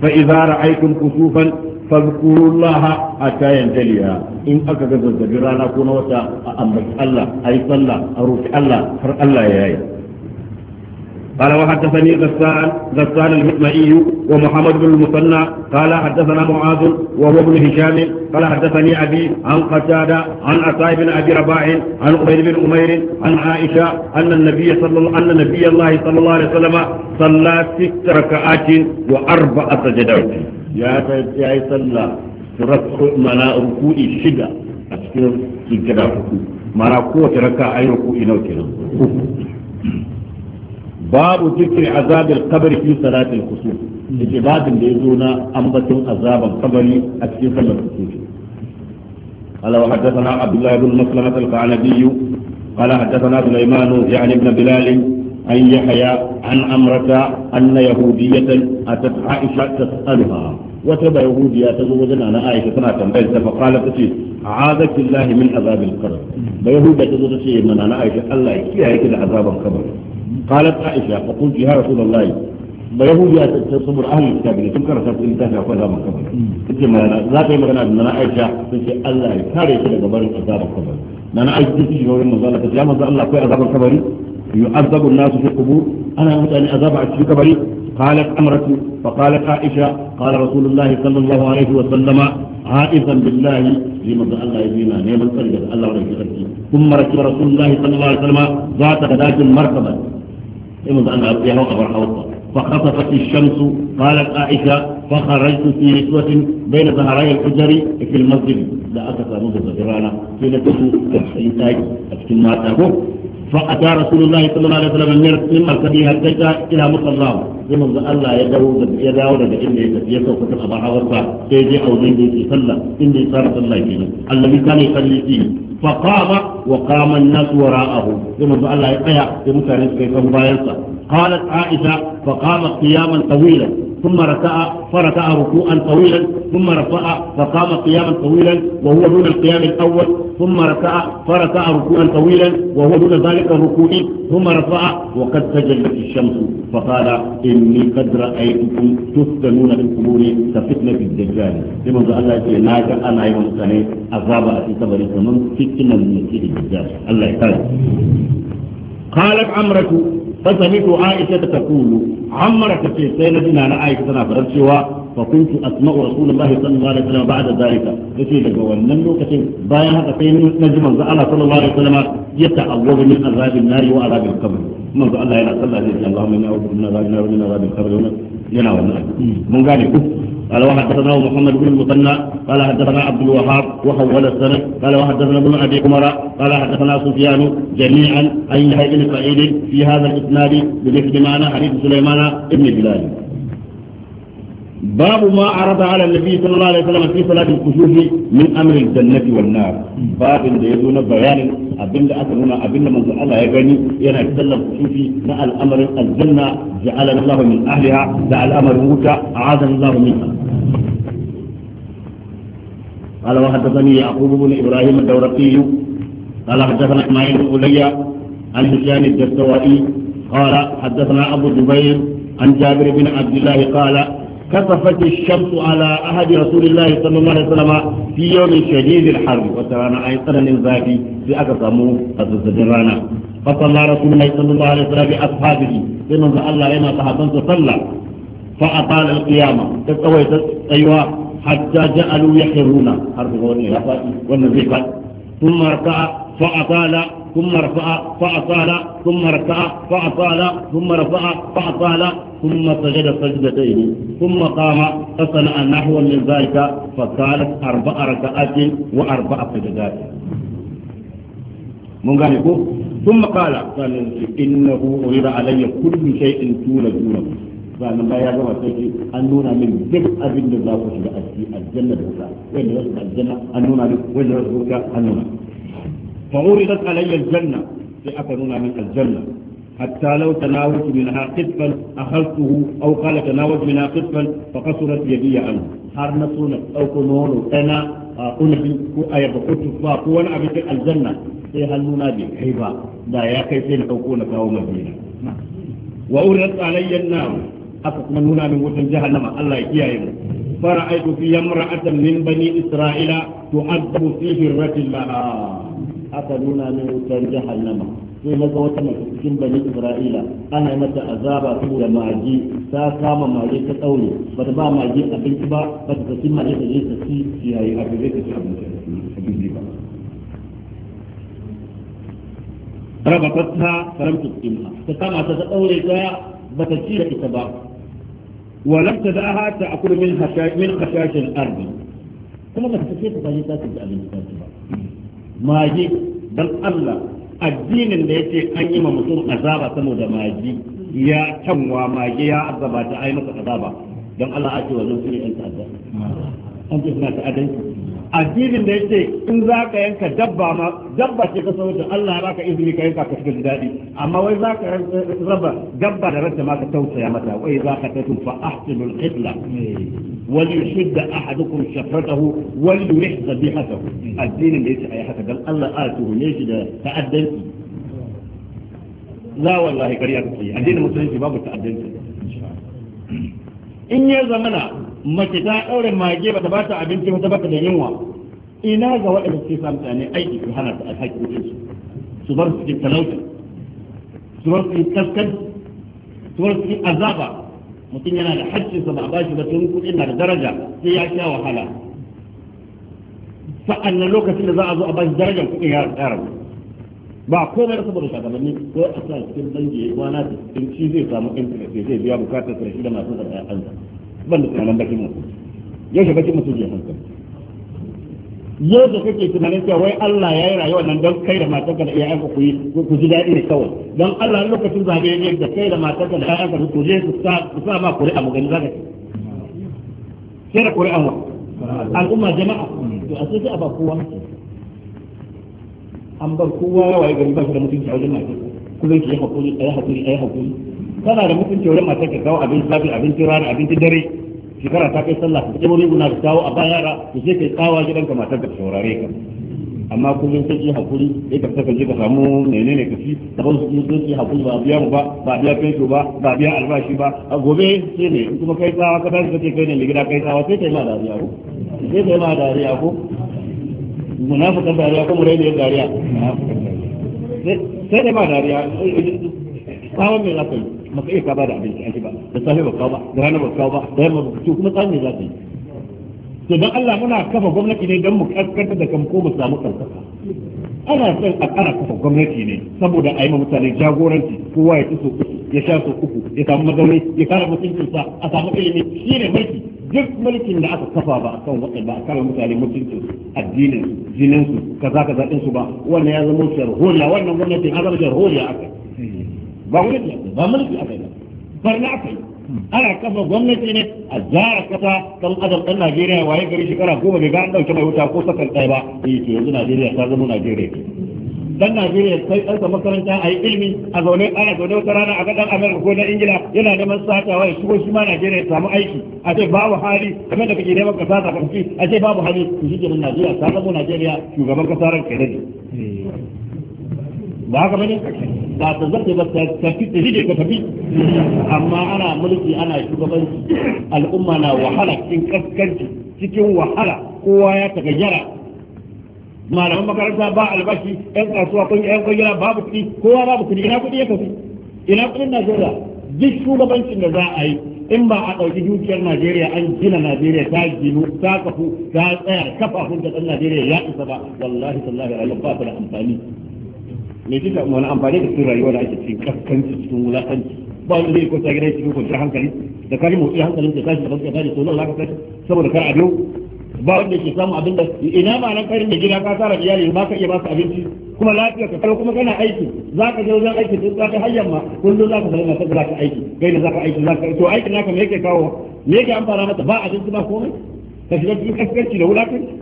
fa idza ra'aytum kusufan a hatta yantaliya in aka ga zazzabi rana ko na wata a ambaci Allah ayi sallah a roki Allah har Allah ya yi قال وحدثني غسان غسان المسمعي ومحمد بن المثنى قال حدثنا معاذ وهو ابن هشام قال حدثني ابي عن قتاده عن عطاء بن ابي رباع عن عبيد بن امير عن عائشه ان النبي صلى الله ان نبي الله صلى الله عليه وسلم صلى ست ركعات واربع سجدات يا يا صلى ركوع منا ركوعي شده a في كذا ركوع mana قوه ركعه اي ركوع نوكي باب ذكر عذاب القبر في صلاة الخصوم yake babin da عذاب القبر ambaton azaban kabari قال وحدثنا عبد الله بن مسلمة القعنبي قال حدثنا سليمان يعني ابن بلال أن يحيى عن أمرة أن يهودية أتت عائشة تسألها وتبع يهودية تزوجنا أنا عائشة سنة تنبيل فقالت تشي عاذك الله من عذاب القبر بيهودية تزوجنا أنا عائشة الله يكيه كده عذاب القبر قالت عائشة فقلت يا رسول الله ba yahudiya ta saboda ahalin kitabi ne sun karanta su littafi akwai azabar kabar kace mana za ta yi magana da nana aisha sun ce Allah ya kare shi daga barin azabar kabar nana aisha ta shiga wurin manzo Allah ta ya manzo Allah akwai azabar kabari يعذب الناس في القبور أنا متأني أذاب في كبري قالت أمرتي فقالت عائشة قال رسول الله صلى الله عليه وسلم عائزا بالله لمن الله يدينا نعم صلى الله عليه وسلم ثم ركب رسول الله صلى الله عليه وسلم ذات غداة مركبا لمن الله يهوى أبرحوطة فخطفت الشمس قالت عائشة فخرجت في نسوة بين ظهري الحجر في المسجد لا أكثر منذ ظهرانا في نسوة إنتاج أكتماتكم فأتى رسول الله صلى الله عليه وسلم من مركبه الدجا إلى مصلاه يمن الله يده يدعو لدى إني يسوق في الأضحى والصلاة سيدي أو زيدي في صلى إني صار صلى الله فيه الذي كان يصلي فيه فقام وقام الناس وراءه يمن الله يقيا يمتعني كيف مبايلته قالت عائشة فقام قياما طويلا ثم ركع فركع ركوعا طويلا ثم رفع فقام قياما طويلا وهو دون القيام الاول ثم ركع فركع ركوعا طويلا وهو دون ذلك الركوع ثم رفع وقد تجلت الشمس فقال اني قد رايتكم تفتنون في القبور كفتنه الدجال لما الله يقول ناجا انا ايضا مكاني عذاب في كبري الزمن فتنه من الدجال الله يكرمك قالت عمرة فسمعت عائشة تقول عمرة في سيدنا أنا عائشة أنا فرشوا فكنت أسمع رسول الله صلى الله عليه وسلم بعد ذلك يسي لك ونملو كثير بايا هذا في نجم الله صلى الله عليه وسلم يتعوض من عذاب النار وعذاب القبر من الله يلا صلى الله عليه وسلم اللهم إنا أعوذ من عذاب النار ومن عذاب القبر ينا ونعم من قال قال وحدثنا محمد بن المثنى قال حدثنا عبد الوهاب وحول السند قال وحدثنا ابن ابي عمر قال حدثنا سفيان جميعا عن يحيى بن سعيد في هذا الاسناد بمثل معنى حديث سليمان بن بلال باب ما عرض على النبي صلى الله عليه وسلم في صلاة الكسوف من أمر الجنة والنار باب ده يدون بيان أبن ده أكرنا أبن من ذو الله يغني ينا يتسلى الكسوف مع الأمر الجنة جعلنا الله من أهلها دع الأمر موتى أعاذنا الله منها قال وحدثني يعقوب بن ابراهيم الدورقي قال حدثنا اسماعيل بن علي عن هشام الدستوائي قال حدثنا ابو جبير عن جابر بن عبد الله قال كسفت الشمس على أحد رسول الله صلى الله عليه وسلم في يوم شديد الحرب وترانا أي قرن الزافي في أقسمه قد سجرانا فصلى رسول الله صلى الله عليه وسلم بأصحابه لمن الله لنا صحابا صلى فأطال القيامة تتويت أيها حتى جعلوا يحرون حرف والنبي ثم ركع فأطال ثم رفع فأطال ثم ركع فأطال ثم رفع فأطال ثم سجد سجدتين ثم قام فصنع نحو من ذلك فقالت أربع ركعات وأربع سجدات من قال ثم قال إنه أريد علي كل شيء تولدونه فمن لا يعلم ان نونا من جد ابن الله فشل اسفي الجنه بوسع وين رزق الجنه ان نونا من وين رزقك ان نونا فعرضت علي الجنه في افنونا من الجنه حتى لو تناولت منها قطفا اخذته او قال تناولت منها قطفا فقصرت يدي عنه har na suna ɗauko nono ɗana a ƙunfi ko a yaba ko tufa ko wani abin da aljanna sai hannuna bai kai ba da aka kuma nuna min wutan jahannama Allah ya kiyaye mu Fara fara'aitu fi imra'atan min bani isra'ila tu'adhabu fi hirratin laha aka nuna min wutan jahannama sai na ga wata mace cikin bani isra'ila ana mata azaba da magi ta kama mage ta tsaure ba ta ba mage abinci ba ba ta tafi mage ta je ta ci ciyayi a zai ta ci abinci ba rabatatha falam tuqimha ta kama ta ta tsaure ta bata ci da ita ba ولم تدعها تأكل من خشاش من خشاش الأرض كما ما تفكير تفكير تاكل بأبن ما يجي بل الله addinin da yake an yi ma mutum azaba saboda maji ya canwa maji ya azaba ta ai masa azaba don Allah ake wa zan sune yan ta'adda ta'addanci addinin da yake in za ka yanka dabba ma dabba ce ka sauta Allah ya baka izini ka yanka ka shiga ji daɗi amma wai za ka raba dabba da ranta ma ka tausaya mata wai za ka tatu fa ahsinul qitla wal yushid ahadukum shafratahu wal yurih dhabihatahu addinin da yake ai haka dan Allah a ne shi da ta'addanci la wallahi kariya kake addinin musulunci babu ta'addanci in ya zamana mace ta ɗaure mage ba ta ba ta abinci ba ta ba ta da yunwa ina ga waɗanda suke sa mutane aiki su hana su alhaƙin su su bar su cikin talauta su bar su cikin kaskan su bar su cikin azaba mutum yana da haƙƙinsa ba a bashi ba tun kuɗi na da daraja sai ya sha wahala sa'an nan lokacin da za a zo a bashi darajar kuɗi ya rabu ba komai da saboda shugabanni ko a sa cikin dangi ya kwana cikin shi zai samu intanet zai biya bukatar sarki da masu zarga an ban da tunanin bakin mutum yau shi bakin mutum ya hankali yau da kake tunanin cewa wai Allah ya yi rayuwa nan don kai da matarka da iyayenka ku yi ku ji daɗi ne kawai don Allah lokacin zabe ne da kai da matarka da iyayenka ku je ku sa ku sa ma kuri'a mu gani zaka sai da kuri'a wa al'umma jama'a to a sai a ba kowa an bar kowa ya waye gari ba shi da mutunci a wajen matarka kullum ki yi hakuri ayi hakuri ayi hakuri kana da mutunci wurin matarka kawo abin zafi abin rana abin dare shekara ta kai sallah ka kemo riguna ka kawo a baya yara ka je kai tsawa gidanka matar ka saurare ka amma kullum sai yi hakuri sai ka saka je ka samu menene ka fi da ba su sun yi hakuri ba biya mu ba ba biya fesho ba ba biya albashi ba a gobe sai ne in kuma kai tsawa ka tashi kace kai ne mai gida kai tsawa sai kai ma dariya ko sai kai ma dariya ko munafikan dariya ko murai ne dariya sai kai ma dariya tsawon me za ka yi maka iya kaba da abinci an ba da safe ba kawo ba da rana ba kawo ba da yamma ba kuma tsani za ta yi to dan Allah muna kafa gwamnati ne dan mu kaskanta da kan ko mu samu karkata ana son a kara kafa gwamnati ne saboda a yi mutane jagoranci kowa ya ci so uku ya sha so uku ya samu mazauni ya kara sa a samu ilimi shi ne mulki duk mulkin da aka kafa ba akan waɗanda ba a kare mutane mutuncin addinin jininsu su kaza kaza din su ba wannan ya zama sharholiya wannan gwamnatin azar sharholiya aka ba mulki ba mulki a kai barna kai ana kafa gwamnati ne a zara kasa kan adam dan Najeriya waye gari shekara goma bai ga an ɗauke mai wuta ko sakan ɗaya ba eh to yanzu Najeriya ta zama Najeriya dan Najeriya sai ɗansa makaranta a yi ilimi a zaune ana zaune wata rana a ɗan Amurka ko na Ingila yana neman satawa ya shigo shi ma Najeriya ya samu aiki a ce babu hali kamar da kake neman kasa ta farki a ce babu hali to shi kenan Najeriya ta zama Najeriya shugaban kasa ran kai ne ba haka bane ba ta zata ba ta tafi ta hije ka tafi amma ana mulki ana shugabanci al'umma na wahala cikin kaskanci cikin wahala kowa ya tagayyara malaman makaranta ba albashi yan kasuwa kun yan kungira babu kuɗi kowa babu kuɗi ina kuɗi ya kafi ina kuɗin Najeriya duk shugabancin da za a yi in ba a ɗauki dukiyar Najeriya an gina Najeriya ta ginu ta kafu ta tsaya kafafun da ɗan Najeriya ya isa ba wallahi sallahi alaihi ba ta da amfani ne duka wani amfani da cikin rayuwa da ake cikin kaskanci cikin wulakanci ba wani zai kwanta gidan cikin kwanciyar hankali da kari motsi hankalin da kashi da kanka tashi to Allah ka kashi saboda kar abin ba wanda ke samu abin da ina ma nan karin da gida ka tsara iyali ba ka iya ba su abinci kuma lafiya ka kalo kuma kana aiki za ka je wajen aiki duk za ka hayyan ma kullum za ka zama sai za ka aiki gai da za ka aiki za ka to aikin naka me yake kawo me yake amfana mata ba abinci ba komai ka shiga cikin kaskanci da wulakanci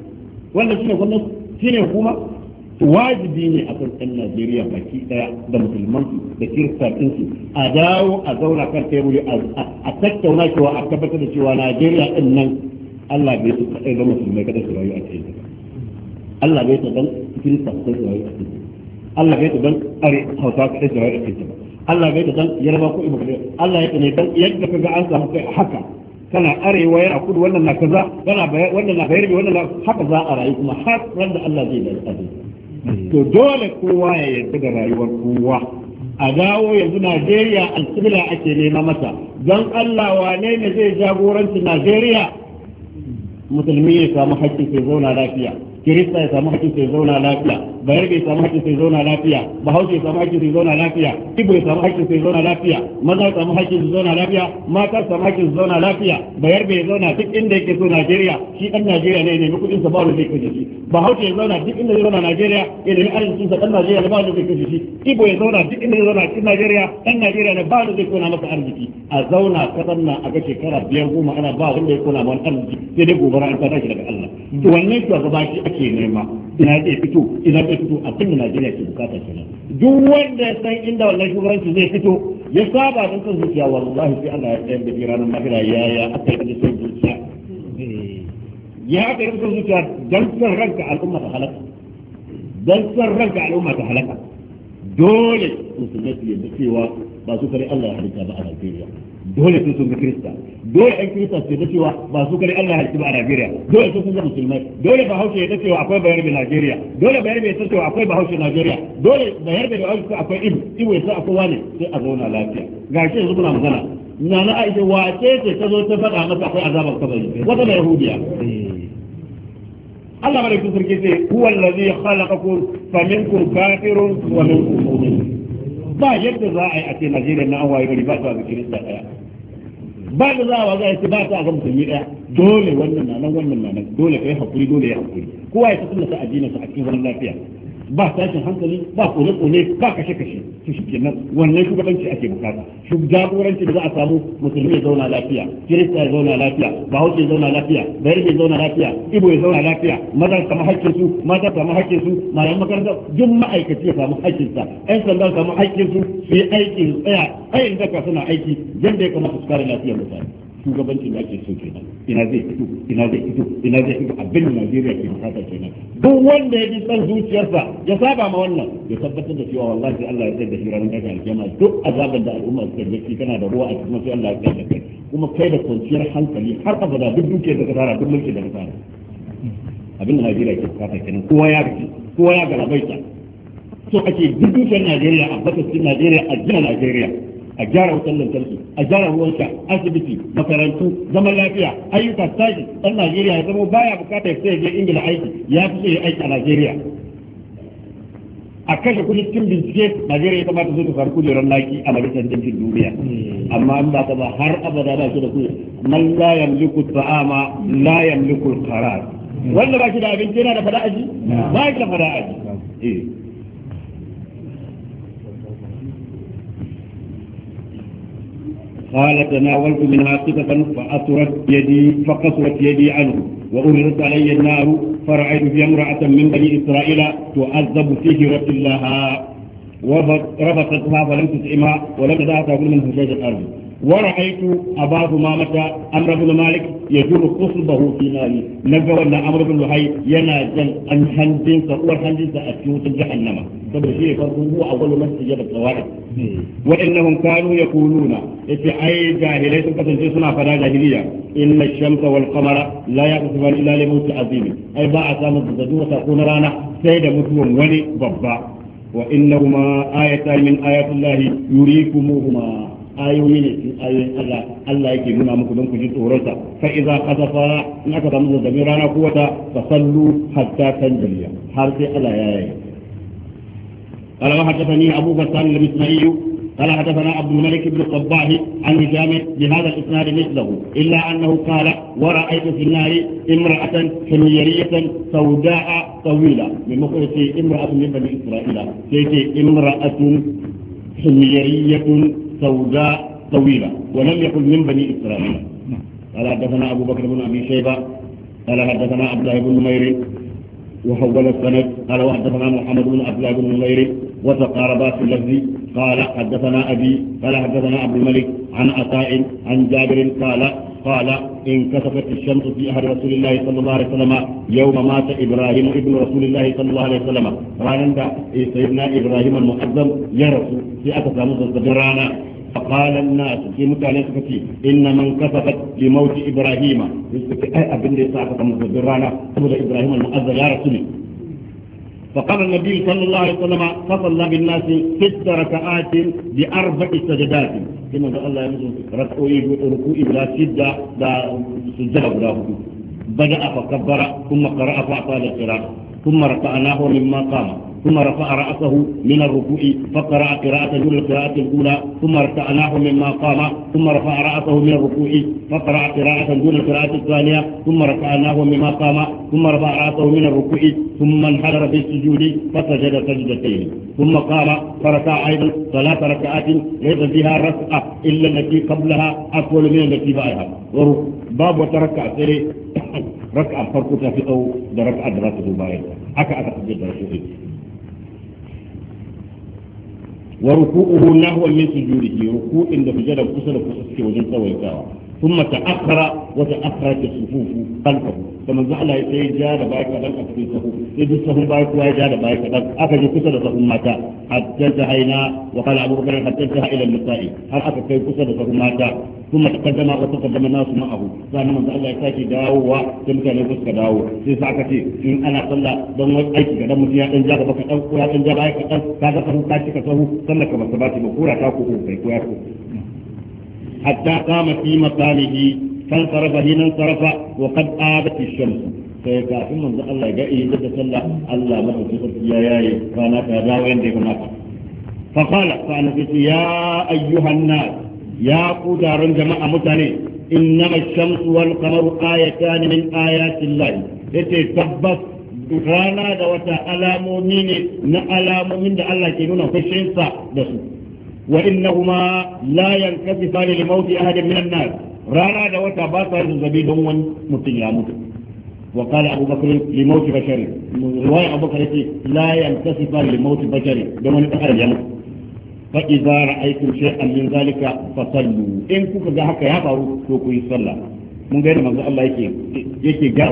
wannan shine gwamnati shine hukuma wajibi ne a kan ɗan Najeriya baki ɗaya da musulman da kirista ɗinsu a dawo a zauna kan teburi a tattauna cewa a tabbatar da cewa Najeriya ɗin nan Allah bai su kaɗai da musulmai kada su rayu a cikin Allah bai su dan kirista kaɗai su rayu a cikin Allah bai su dan are hausa kaɗai su rayu a cikin Allah bai su dan yarba ko ibo Allah ya ne dan yadda ka ga an samu kai haka kana arewa yana kudu wannan na kaza kana wannan na bayarbi wannan na haka za a rayu kuma har ran da Allah zai da alƙadari Hmm. to dole kowa ya yarda da rayuwar kowa a dawo yanzu Najeriya alƙibla ake nema mata don Allah wane ne zai jagoranci Najeriya musulmi ya samu haƙƙi sai zauna lafiya kirista ya samu haƙƙin sai zauna lafiya bayar ya samu haƙƙin sai zauna lafiya bahaushe ya samu haƙƙin sai zauna lafiya ibo ya samu haƙƙin sai zauna lafiya maza ya samu haƙƙin sai zauna lafiya mata samu haƙƙin sai zauna lafiya bayar ya zauna duk inda yake so Najeriya shi ɗan Najeriya ne ne kuɗin sa ba wanda zai kashe shi bahaushe ya zauna duk inda ya zauna Najeriya ya nemi arzikin sa ɗan Najeriya ne ba wanda zai kashe shi ibo ya zauna duk inda ya zauna cikin Najeriya ɗan Najeriya ne ba wanda zai kona masa arziki a zauna kasar nan a ga shekara biyar goma ana ba wanda ya kona ma wani arziki sai dai gobara an ta tashi daga Allah to wannan shugaba shi ake nema ina ke fito ina ke fito a da Najeriya ke bukata kenan duk wanda ya san inda wannan shugabanci zai fito ya saba da kan zuciya wallahi sai Allah ya tsayar da ranar mahira ya ya aka yi son zuciya eh, ya aka yi son zuciya dan san ranka al'umma ta halaka dan san ranka al'umma ta halaka dole musulmai su yadda cewa ba su kare Allah ya halitta ba a Najeriya dole sun sun ga Kirista dole ɗan Kirista su yadda cewa ba su kare Allah ya halitta ba a Najeriya dole sun sun ga musulmai dole ba haushe yadda cewa akwai bayar da Najeriya dole bayar da yadda cewa akwai ba haushe Najeriya dole bayar da yadda akwai ibu ibu yadda akwai wani sai a zauna lafiya ga shi yanzu muna magana na na aisha wace ce ta zo ta faɗa masa akwai azabar kabari wata da yahudiya Allah bada ku sarki ce huwa allazi khalaqakum faminkum kafirun wa minkum mu'min ba yadda za a yi a ce Najeriya na an waye gari ba ta zikirin da daya ba da za a waza ya ce ba ta a ga musulmi daya dole wannan na nan wannan na nan dole ka kai hakuri dole ya hakuri kowa ya tafi da addinin sa a cikin zaman lafiya ba tashin hankali ba kone-kone ba kashe-kashe su shi kenan wannan shugabanci ake bukata jagoranci da za a samu musulmi ya zauna lafiya kirista ya zauna lafiya bahaushe ya zauna lafiya bayar ya zauna lafiya ibo ya zauna lafiya maza samu haƙƙin su mata samu haƙƙin su malaman makaranta duk ma'aikaci ya samu haƙƙin sa ƴan sanda samu haƙƙin su su yi aiki tsaya ayin daka suna aiki yadda ya kama su kare lafiyar mutane shugabancin da ake so kenan ina zai fito ina zai fito ina zai fito abin da Najeriya ke bukata kenan duk wanda ya ji san zuciyarsa ya saba ma wannan ya tabbatar da cewa wallahi Allah ya tsaya da hirarin daga alkiyama duk azaban da al'umma suka yi kana da ruwa a cikin wasu Allah ya tsaya da kai kuma kai da kwanciyar hankali har abada duk dukiyar da ka tara duk mulki da ka tara abin da Najeriya ke bukata kenan kowa ya kowa ya galabaita so ake duk dukiyar Najeriya a bakasin Najeriya a jina Najeriya a gyara wutan lantarki a gyara ruwan sha asibiti makarantu zaman lafiya ayyuka tashi ɗan Najeriya ya zama baya bukatar sai ya je Ingila aiki ya fi sai aiki a Najeriya a kashe kudi cikin bincike Najeriya ya kamata zai ta faru kujerar naki a majalisar jamfin duniya amma an ba ta ba har abada ba shi da kudi man la yamliku ta'ama la yamliku qarar wanda ba shi da abinci yana da fada'aji ba shi da fada'aji eh قال تناولت منها قطة فأسرت يدي فقصرت يدي عنه وأمرت علي النار فرأيت في امرأة من بني إسرائيل تعذب في هجرة الله وربطتها فلم تطعمها ولم تدعها تأكل من هشاش الأرض ورأيت أبا همامة أمر بن مالك يجر قصبه في ناري نجا أن أمر بن لهي ينادى أن هندين سأور هندين سأتيوت جهنم فبشير هو أول من سجد الطوارئ وإنهم كانوا يقولون في أي جاهلية كتنجي سنة فلا جاهلية إن الشمس والقمر لا يقصفان إلا لموت عظيم أي باع سامة الزدور تكون رانا سيد مسلم ولي بابا وإنهما آيتان من آيات الله يريكموهما ayoyi ne cikin ayoyin Allah Allah yake nuna muku don ku ji tsoronsa fa idza qasafa in aka samu zazzabin rana ko wata fa sallu hatta tanjaliya har sai Allah ya قال أبو غسان الإسماعيلي قال حدثنا عبد الملك بن الصباح عن هشام بهذا الاسناد مثله الا انه قال ورايت في النار امراه حميريه سوداء طويله من مخرج امراه من بني اسرائيل سيتي امراه حميريه سوداء طويلة ولم يكن من بني إسرائيل قال حدثنا أبو بكر بن أبي شيبة قال حدثنا عبد الله بن نمير وحول السند قال وحدثنا محمد بن عبد الله بن نمير وتقاربا في اللفظ قال حدثنا أبي قال حدثنا عبد الملك عن عطاء عن جابر قال قال انكسفت الشمس في أهل رسول الله صلى الله عليه وسلم يوم مات إبراهيم ابن رسول الله صلى الله عليه وسلم رانا سيدنا إبراهيم المقدم يرسل في أكثر مصدرانا فقال الناس في متعلقتي إن من كسبت لموت إبراهيم يسكت أي أبن لي صاحب مصدرانا إبراهيم المقدم يا رسولي فقال النبي صلى الله عليه وسلم فصلى بالناس ست ركعات بأربع سجدات كما قال الله يمزل ركوعي ركوعي بلا سجدة لا سجدة هدوء بدأ فكبر ثم قرأ فأعطى القراءة ثم رفعناه مما قام ثم رفع رأسه من الركوع فقرأ قراءة دون القراءة الأولى ثم رفعناه مما قام ثم رفع رأسه من الركوع فقرأ قراءة دون القراءة الثانية ثم رفعناه مما قام ثم رفع رأسه من الركوع ثم انحدر في السجود فسجد سجدتين ثم قام فركع أيضا ثلاث ركعات ليس فيها ركعة إلا التي قبلها أطول من التي بعدها باب وتركع سري raka'a farko ta fi tsawo da raka'a da za ta zo bayan haka aka fi da rashin wa ruku'uhu nahwa min sujudihi ruku'in da sujada kusa da kusa suke wajen tsawaitawa ثم تأخر وتأخرت الصفوف خلفه فمن زعل يتي جاد بايك لن أكفي الصفوف إذ الصفوف بايك وجاد بايك لن أكفي كسر صفوف ماتا حتى انتهينا وقال أبو بكر حتى انتهى إلى النساء هل أكفي كسر صفوف ماتا ثم تقدم وتقدم الناس معه فأنا من زعل يتاكي داو وتم كان يفسك داو في ساعتي إن أنا صلى دم أيك دم فيها إن جاد بك أو إن جاد بايك أو كذا صفوف كاتك صفوف صلى كما سباتي بكورة تاكو كوكي كوكي hatta qama fi makanihi fansarafa hina sarafa wa qad abat ash-shams sai kafin manzo Allah ga yi da sallah Allah madaukakin sarki ya yaye rana ta dawo yanda ya kamata fa qala fa anasi ya ayyuhan ya ku taron jama'a mutane إنما الشمس والقمر آيتان من آيات rana da wata alamomi ne na alamomin da Allah ke nuna fashinsa da su. وإنهما لا ينكسفان لموت أحد من الناس رانا da wata ba sa yin zabi don wani mutum ya mutu wa qala abu bakr li maut bashari riwaya abu bakr yace la yantasifa li maut don wani dan ya mutu fa idza ra'aytum shay'an min zalika fasallu in kuka ga haka ya faru to ku yi sallah mun ga manzo Allah yake a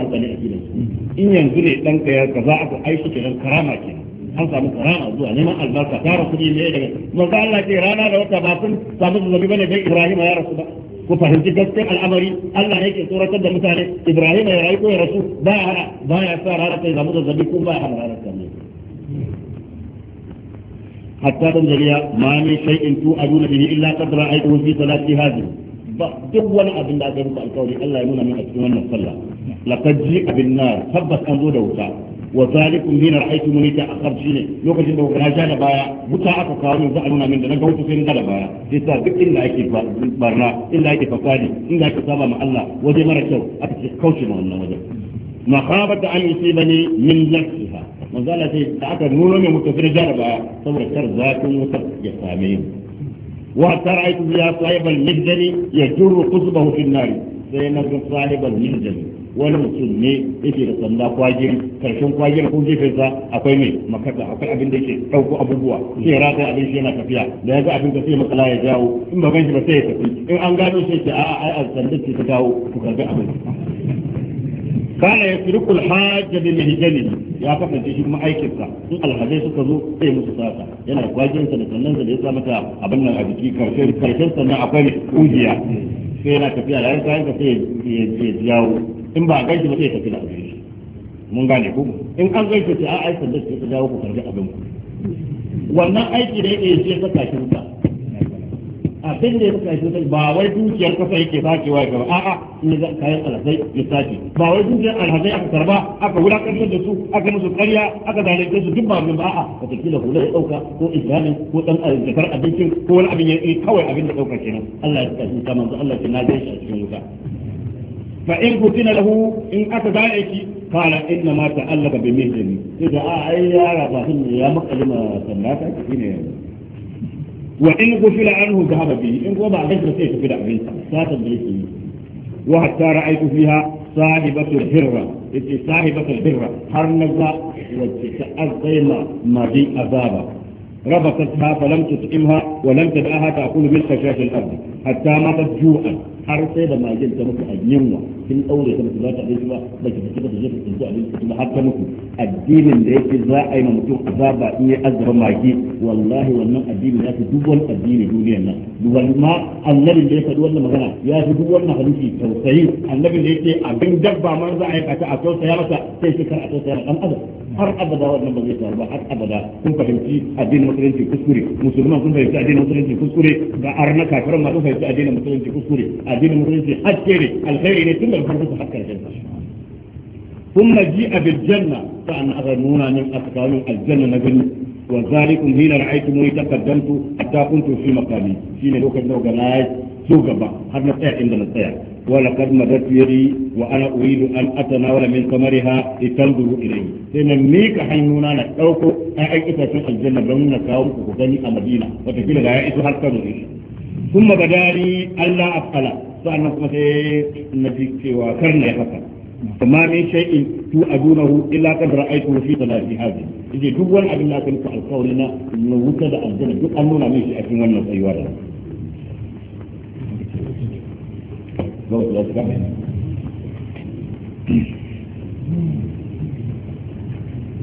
in yanzu ne dan ka kaza aka aisha kenan karama kenan an samu karama zuwa neman albarka tara kuɗi ne daga manzo Allah ke rana da wata ba kun samu zubi bane dan Ibrahim ya rasu ba ku fahimci gaskiyar al'amari Allah ne ke tsoratar da mutane Ibrahim ya rayu ko ya rasu ba ya hana ba ya sa rana ta zamu zazzabi ko ba ya hana rana ta ne hatta dan jariya ma ne shay'in tu aduna bihi illa qadra ayatu fi salati hadhihi ba duk wani abin da aka rubuta alƙawari Allah ya nuna min a cikin wannan sallah laqad ji'a bin nar tabbas an zo da wuta وذلكم هنا رأيت مليتا أخرج إليه لوك جنبه كنا جانا بايا متاعك وكارون زعلنا من دنا قوتو سين غدا بايا جيسا بك إلا إكي بارنا إلا إكي فقالي إلا إكي صابا مع الله وزي مرة شو أبتك كوشي مهنا وجا مخابة أن يصيبني من لكها مزالة تعطى نولو من متفر جانا بايا صور شر ذات وصف يسامين وترأيت بيا صاحب المهدري يجر قصبه في النار سينا صاحب المهدري wani mutum ne yake da sanda kwagiri karshen kwagiri ko gefensa akwai mai makasa akwai abin da yake dauko abubuwa sai rata abin shi yana tafiya da ya ga abin da sai makala ya jawo in ba ganshi ba sai ya tafi in an gano shi ke a ai a sanda ce ta jawo ku karbi abin kana ya firku alhajja bi mihjani ya kasance shi kuma aikinsa in alhajai suka zo sai musu sata yana da sa da sannan da ya sa mata abin nan a jiki karshen sannan akwai kujiya sai yana tafiya da yanka yanka sai ya jawo in ba a gaishe ba zai tafi da abin shi mun gane ku in an gaishe sai a aikin da ke dawo ku karbi abin ku wannan aiki da yake sai ka saka shi wuta abin da ya saka shi wuta ba wai dukiyar kasa yake sakewa ga ba a'a ne ya kayan alhazai ya sake ba wai dukiyar alhazai aka karba aka wulakantar da su aka musu karya aka zalunce su duk ba mun ba a'a wata da hula ya dauka ko islamin ko dan zakar abincin ko wani abin ya kawai abin da dauka kenan Allah ya saka shi ta manzo Allah ya na shi a cikin wuta فإن قتل له إن أتى دائك قال إنما تألق بمهدني إذا أعي آه، يا رب يا مقلم سماك كثيرا وإن قتل عنه ذهب به إن وضع ذكر سيف في دعوين ساتا بريسي وحتى رأيت فيها صاحبة الهرة إذ صاحبة الهرة هرنزة وتتأذينا مضي أبابا ربطتها فلم تطعمها ولم تدعها تأكل من خشاش الأرض hatta ma ba ju'a har sai da magin ta muku a yinwa kin daure ta muku za ta dace ba ba ki fita ta je ta tsinci abinci ba har ta muku addinin da yake za a yi ma mutum azaba in ya azaba magi wallahi wannan addini ya fi duk wani addini duniyar nan duwan ma annabi da ya faɗi wannan magana ya fi duk wani hadisi tausayi annabi da yake abin dabba man za a yi kata a tausaya masa sai shi kar a tausaya dan adam har abada wannan ba zai faru ba har abada kun fahimci addinin musulunci kuskure musulman kun fahimci addinin musulunci kuskure ga arna kafiran ma kun fahimci addinin musulunci kuskure addinin musulunci hakke ne alkhairi ne tun daga farko su hakkar janna ثم جيء بالجنة فان أغنون أن اتقال الجنة وذلك هنا رايت مني تقدمت حتى كنت في مقامي حين لو كنت أغنايت سوق har na tsaya inda na ولقد مدت يدي وانا اريد ان اتناول من ثمرها لتنظر اليه لان ميك حنونا نا اي اي في الجنه بمنا na kawo ku gani a madina wata ثم بداري ألا أبقلا فأنا قمت النبي سوى كرنا يحصل فما من شيء تؤدونه إلا قد رأيته في صلاتي هذه إذا دول أبن الله كنت القول لنا أنه وكد الجنة دول أنونا من شيء أكون ونص أيوارا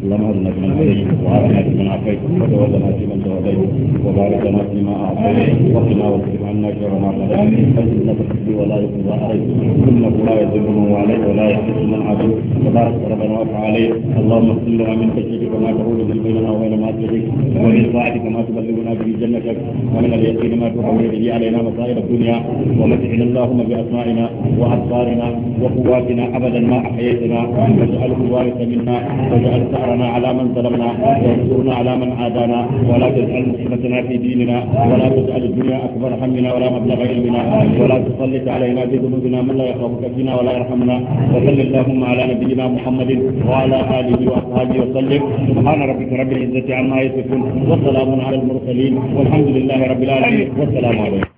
اللهم اهدنا فيمن هديت وعافنا فيمن عافيت وتولنا فيمن توليت وبارك لنا فيما اعطيت وقنا واصرف عنا شر ما قدرت انك تخفي ولا يخفى عليك انه لا يذل من واليك ولا يحسد من عليك تبارك ربنا وافع عليك اللهم اغفر لنا من خشيتك ما تقول من بيننا وبين ما تدرك ومن طاعتك ما تبلغنا به جنتك ومن اليقين ما تحول به علينا مصائب الدنيا ومتعنا اللهم باسمائنا وابصارنا وقواتنا ابدا ما احييتنا واجعله الوارث منا واجعل ثارنا على من ظلمنا وانصرنا على من عادانا ولا تجعل مصيبتنا في ديننا ولا تجعل الدنيا اكبر همنا علمنا ولا مبلغ علمنا ولا تسلط علينا ذنوبنا من لا يخافك فينا ولا يرحمنا وصل اللهم على نبينا محمد وعلى اله واصحابه وسلم سبحان ربك رب العزه عما يصفون وسلام على المرسلين والحمد لله رب العالمين والسلام عليكم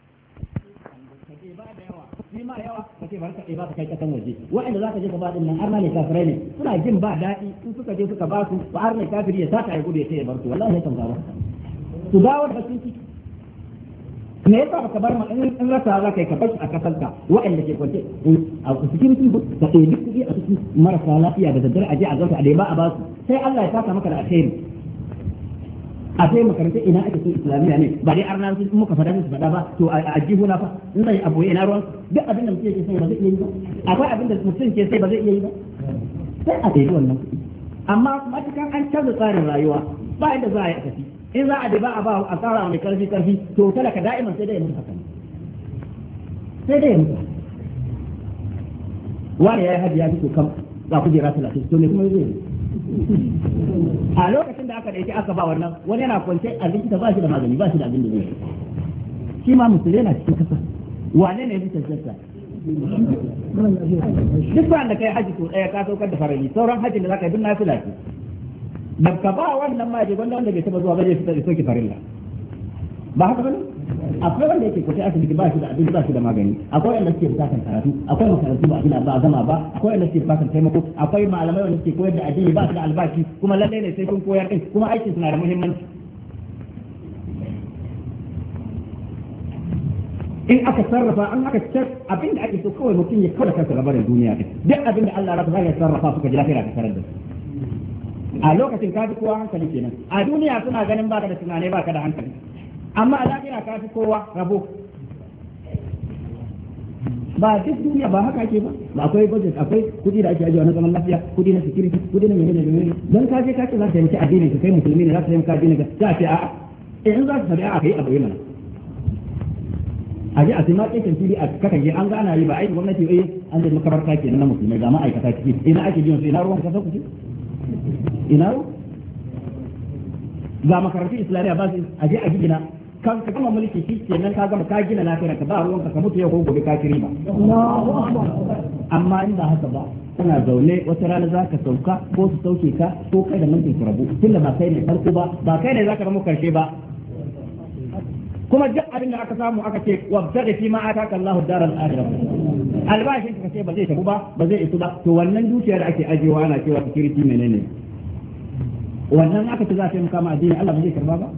kake ba kai ba kai kasan waje wa'anda zaka je ka ba din nan har ne kafirai ne suna jin ba daɗi in suka je suka ba su ba har ne kafiri ya saka ya gudu ya ce ya bar su wallahi sai kan gaba su dawo da sun me yasa baka bar ma in rasa za kai ka bashi a ka wa'anda ke kwance a cikin book ka ɗaya duk kuɗi a cikin marasa lafiya da daddare a je a zauta a dai ba a basu sai Allah ya saka maka da alheri a sai makarantar ina ake so islamiyya ne ba dai arna sun muka fada su fada ba to a jihu na fa in zai abu ina ruwan duk abin da mutum ke sai ba zai iya yi ba akwai abin da mutum ke sai ba zai iya yi ba sai a dai wannan kuɗi amma matukan an canza tsarin rayuwa ba yadda za a yi a tafi in za a diba a ba a tsara mai karfi karfi to talaka da'ima sai dai mutu hakan sai dai mutu wani ya yi hajji ya fito kam za ku jira talatin to ne kuma zai a lokacin da aka ɗauki aka ba wannan wani yana kwance a likita ba shi da magani ba shi da abin da zai shi ma musulai na cikin kasa wane ne ya fi duk ba da kai haji to ɗaya ka saukar da farali sauran hajjin da za ka yi duk na fi lafiya da ka ba wannan ma je wanda bai taba zuwa ba zai fita soke farilla ba haka bane akwai wanda yake kuta asibiti ba shi da abin ba shi da magani akwai wanda suke bukatan karatu akwai makarantu ba abin ba zama ba akwai wanda suke bukatan taimako akwai malamai wanda suke koyar da addini ba su da albashi kuma lallai ne sai kun koyar din kuma aikin suna da muhimmanci in aka sarrafa an aka cek abin da ake so kawai mutum ya kawai kansa labarin da duniya duk abin da Allah ya sarrafa suka ji lafiya ta tarar da su a lokacin ka fi kowa hankali kenan a duniya suna ganin baka da tunani baka da hankali amma a lahira ka fi kowa rabo ba duk duniya ba haka ke ba ba akwai budget akwai kudi da ake ajiyewa na zaman lafiya kudi na security kudi na menene menene dan ka je ka ce za ka yanke addinin ka kai musulmi ne za ka yanke addinin ka za ce a eh in za ka tabi'a kai abu yana a je a sai ma kekin fili a kakan je an ga ana yi ba aiki gwamnati eh an je makabarta kenan na musulmai ga ma'aikata ciki ina ake biyan su ina ruwan kasa sauku ina ga makarantun islamiyya ba su aje a gina kan ka gama mulki shi nan ka gama ka gina lafiyar ka ba ruwan ka mutu ya ko gobe ka kiri ba amma in ba haka ba kana zaune wata rana za ka sauka ko su sauke ka ko kai da mulkin ku rabu tunda ba kai ne farko ba ba kai ne za ka zama karshe ba kuma duk abin da aka samu aka ce wabtaghi fi ma ataka Allahu daral akhirah albashin ka ce ba zai tafi ba ba zai isu ba to wannan dukiyar da ake ajewa ana cewa security menene wannan aka ce za a taimaka ma addini Allah ba zai karba ba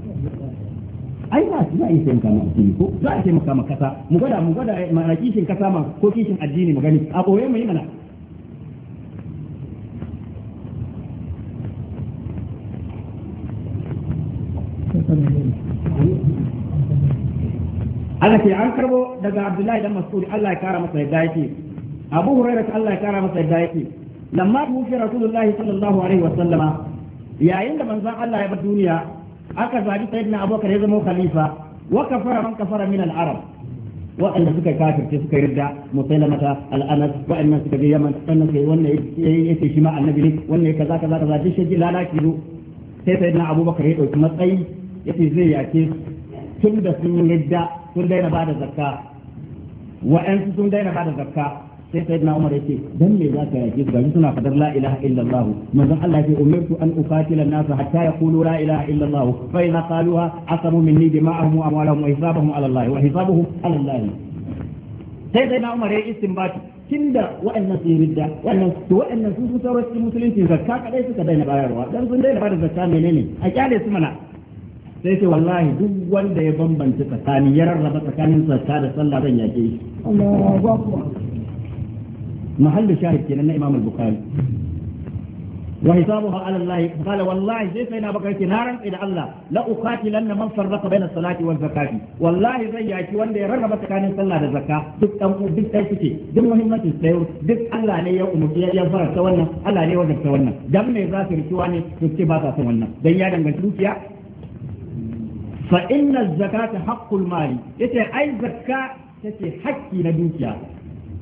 ai ba su za a yi taimaka ma addini ko za a taimaka ma kasa mu gwada mu gwada eh, mana kishin kasa ma ko kishin addini mu gani a boye mu yi mana ana ce an karbo daga Abdullahi dan Mas'ud Allah ya kara masa yadda yake Abu Hurairah Allah ya kara masa yadda yake lamma tuwfi Rasulullahi sallallahu alaihi wa sallama yayin da manzon Allah ya bar duniya aka zabi sayyidina abubakar ya zama khalifa wa kafara man kafara min al-arab waɗanda suka kafirce suka yarda musailamata al'anas waɗannan suka je yaman wannan kai wannan yake shi ma annabi ne wannan kaza kaza kaza duk shi lalaci zo sai sayyidina abubakar ya dauki matsayi yace zai yake tun da sun yarda sun daina bada zakka an sun daina bada zakka sai sai na Umar yace dan me za ka yaki gari suna fadar la ilaha illallah manzon Allah yace umirtu an uqatila nasa nas hatta yaqulu la ilaha illallah fa idza qaluha asamu minni dima'ahum wa amwalahum wa hisabahum ala Allah wa hisabuhum ala Allah sai sai na Umar yayi istinbati tunda wa'annan su ridda wa'annan to wa'annan sun su tawar cikin musulunci zakka kadai suka daina bayarwa dan sun daina bada zakka menene a kyale su mana sai ce wallahi duk wanda ya bambanta tsakani ya rarraba tsakanin zakka da sallah zan yake shi Allahu akbar محل شاهد في لنا إمام البخاري وحسابها على الله قال والله زي سينا بقيت نارا إلى الله لا أقاتل أن من فرق بين الصلاة والزكاة والله زي يأتي وان دي رغب تكان الصلاة والزكاة دك أمو دك أيكتي دم مهمة السيور دك ألا لي يوم يظهر سوانا ألا لي وزك سوانا دم نزاس رسواني تكتبات سوانا دي يادن بسلوك يا فإن الزكاة حق المال يتي أي زكاة تتي حكي نبوك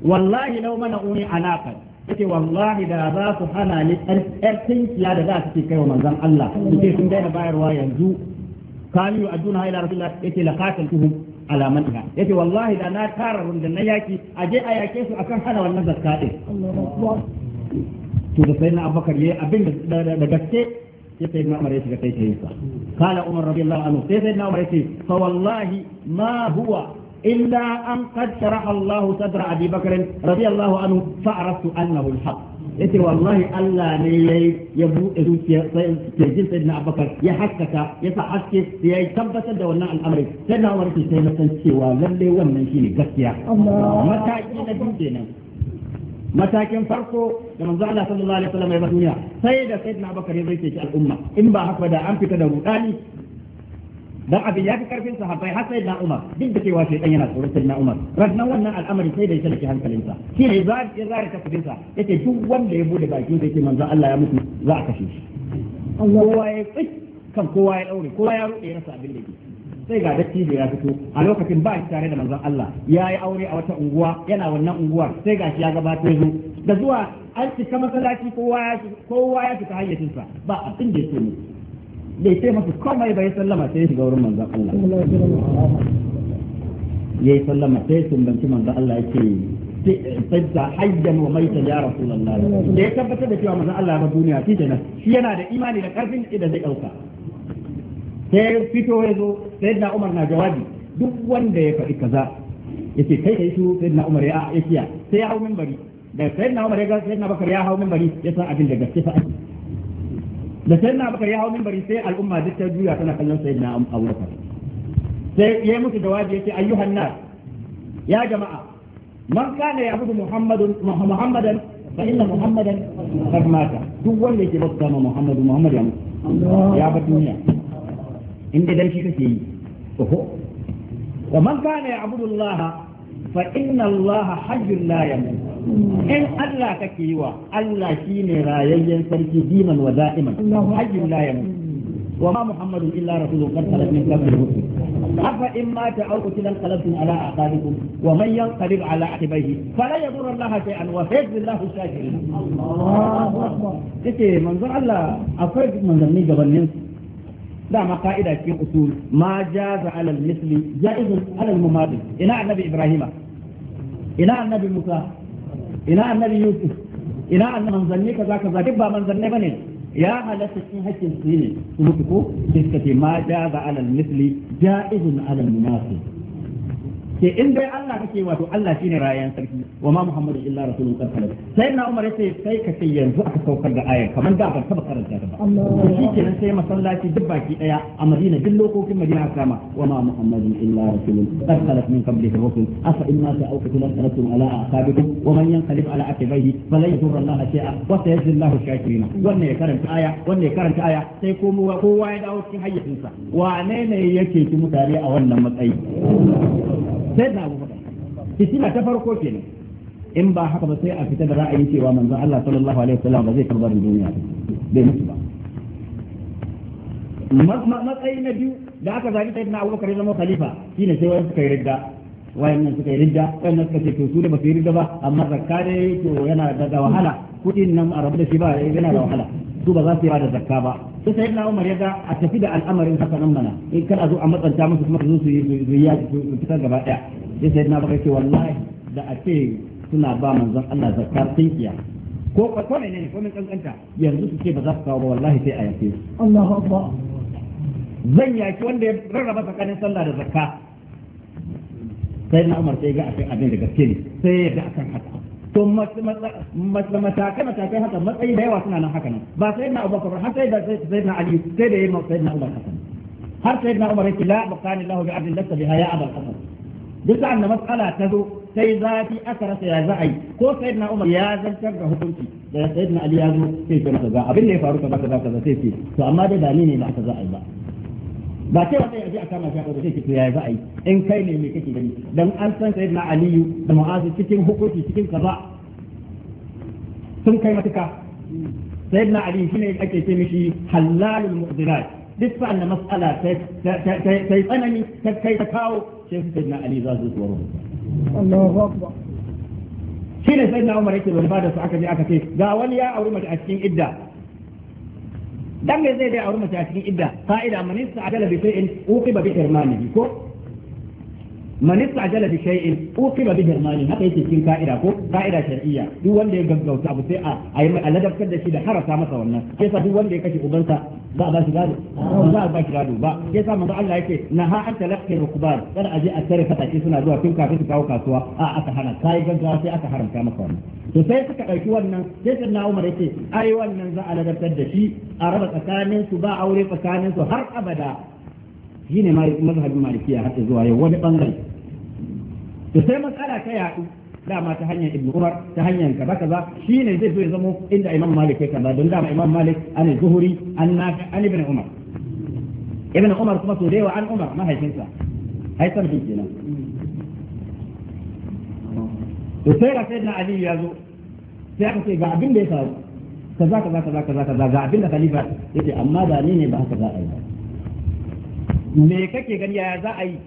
wallahi mana mana'uni anaqan yake wallahi da za su hana ni ɗan tinkiya da za su ke kai wa manzon Allah yake sun daina bayarwa yanzu kanu aduna ila rasulullah yake laqataltuhum ala manha yake wallahi da na tara rundunar yaki aje a yake su akan hana wannan zakka din to da sayyidina abubakar yayi abin da gaske ya sayyidina umar ya shiga sai yi sa kala umar radiyallahu anhu sai sayyidina umar ya ce fa wallahi ma huwa إلا أن قد شرح الله صدر أبي بكر رضي الله عنه فعرفت أنه الحق إتي والله ألا لي يبو سيجل سيدنا أبو بكر يحكك يسعك يتبت دونا الأمر سيدنا عمر في سيدنا سنسي ولدي ومن شيني قسيا متى كنا جنجنا متى كن فرقو لما زعل صلى الله عليه وسلم يبقى سيدنا سيدنا أبو بكر يبقى الأمة إن با حق بدا أمك تدورو dan abin ya fi karfin sahabbai har sai na Umar duk da cewa sai dan yana tsoron sai na Umar rannan wannan al'amari sai da ya hankalin hankalinsa shi ne za ya zara ta sa yace duk wanda ya bude bakin sai ce manzo Allah ya mutu za a kashe shi kowa ya tsik kan kowa ya daure kowa ya rude ya rasa abin da yake sai ga dattijo ya fito a lokacin ba shi tare da manzon Allah ya yi aure a wata unguwa yana wannan unguwar sai ga shi ya gabato zo da zuwa an cika masallaci kowa ya kowa ya fita hayyacinsa ba abin da yake bai ce masu komai bai sallama sai shiga wurin manzan Allah yayi sallama sai sun banci manzan Allah yake fadda hayyan wa mai ya rasulullah da ya tabbatar da cewa manzan Allah ba duniya shi kenan shi yana da imani da karfin idan zai ɗauka. sai fito ya zo sai da Umar na jawabi duk wanda ya faɗi kaza yace kai kai su sai da Umar ya akiya sai ya hau minbari da sai da Umar ya ga sai da Bakar ya hau minbari ya san abin da gaske fa'a. da sai na baka ya hau sai al'umma duk ta juya tana kallon sai na abu abubakar sai ya musu jawabi yace ayyuhan nas ya jama'a man kana ya'budu muhammadun muhammadan fa inna muhammadan qad mata duk wanda yake bauta ma muhammadu muhammad ya mutu ya bar duniya inda dan shi kake yi oho wa man kana ya'budu allah fa inna allah hayyun la yamut in Allah kake yi wa Allah shine rayayyen sarki diman wa da'iman hayyun la yamut وما محمد الا رسول قد خلت من قبل الرسل افان مات او قتل انقلبتم على اعقابكم ومن ينقلب على عقبيه فلا يضر الله شيئا وسيجزي الله الشاكرين الله اكبر يتي منظر الله افرج من ذنبي جبنين دعما قائدة في أصول ما جاز على المثل جائز على المماضي إلى النبي إبراهيم إلى النبي موسى ina annabi yusuf ina annabi manzanni kaza kaza duk ba manzanni bane ya halatta cikin hakkin su ne su mutu ko sai ma ja ma alal misli ja'izun alal munafiq ke in dai Allah kake wato Allah shine rayan sarki wa ma Muhammadu illa rasulun qad sai na Umar yace sai ka ce yanzu aka saukar da ayar kamar da ban taba karanta ta ba shi kenan sai masallaci duk baki daya a Madina duk lokokin Madina aka kama wa ma Muhammadu illa rasulun qad khalat min qablihi rusul afa in mata aw kutilan qalatum ala aqabikum wa man yanqalib ala aqibihi yadurra Allah shay'a wa shakirin wannan ya karanta aya wannan ya karanta aya sai kowa kowa ya dawo cikin hayyacinsa wane ne yake ki mutane a wannan matsayi sai da abu faɗa fitina ta farko ne in ba haka ba sai a fita da ra'ayin cewa manzon Allah sallallahu alaihi wasallam ba zai karbar duniya bai mutu ba matsayi na biyu da aka zaɓi sai na abubakar ya zama khalifa shine sai wani suka yi ridda wayannan suka yi ridda wayannan suka ce to su da ba su yi ridda ba amma zakka ne to yana da wahala kudin nan a rabu da shi ba yana da wahala su ba za su yi da zakka ba sai sai na Umar ya ga a tafi da al'amarin haka nan mana in kar a zo a matsanta musu kuma su yi su yi su fitar gaba daya sai sai na baka ce wallahi da a ce suna ba manzon Allah zakka kiya ko ko ne ne ko min kankanta yanzu su ce ba za su kawo ba wallahi sai a yake Allahu akbar zan yaki wanda ya rarraba tsakanin sallah da zakka sai na Umar sai ga a abin da gaske ne sai ya ga akan haka to matakai matakai haka matsayi da yawa suna nan haka nan ba sai na abubakar har sai da sai na ali sai da yayin sai na umar hasan har sai na umar yake la baqani lahu bi abdin laka biha ya abul hasan duk da da matsala ta zo sai zafi aka rasa ya za'ai ko sai na umar ya zantar da hukunci da sai na ali ya zo sai ce masa ga abin da ya faru kaza kaza kaza sai ce to amma dai ba ni ne ba ka za'ai ba ba sai wanda yanzu a kama shi a ɗaure shi to yaya za yi in kai ne mai kake gani dan an san sayyidina aliyu da mu'azu cikin hukunci cikin kaza sun kai matuka sayyidina aliyu shi ne ake ce mishi halalul mu'dirat duk sa'an na mas'ala ta yi tsanani ta kai ta kawo sai su sayyidina aliyu za su tsoro Allahu akbar shine sayyidina umar yake bada su aka je aka ce ga wani ya auri mace a cikin idda dan me zai dai aure mace a cikin idda fa'ida man yasta ajala bi in uqiba bi irmani ko man istajala bi shay'in uqima bi jarmalin haka yake cikin ka'ida ko ka'ida shar'iyya duk wanda ya gaggauta abu sai a ayi mai aladabtar da shi da harasa masa wannan sai sa duk wanda ya kashe ubansa ba a ba shi gado ba a ba shi gado ba sai sa manzo Allah yake naha an talaqqi rukbar kar aje a tare fataki suna zuwa tun kafin su kawo kasuwa a aka hana kai gaggawa sai aka haramta masa wannan to sai suka dauki wannan sai sanna Umar yake ai wannan za a ladabtar da shi a raba tsakanin su ba aure tsakanin su har abada shi ne mazhabin malikiya har zuwa yau wani bangare to sai matsala ta yaɗu dama ta hanyar ibnu umar ta hanyar kaza kaza shi ne zai zo ya zamo inda imam malik ya kaza don dama imam malik an zuhuri an nafi an ibn umar ibn umar kuma so da yawa an umar mahaifinsa ai san shi kenan to sai ga sayyidina ali ya zo sai aka ce ga abin da ya faru kaza kaza kaza kaza kaza ga abin da khalifa yake amma da ni ne ba haka za a yi ba me kake gani yaya za a yi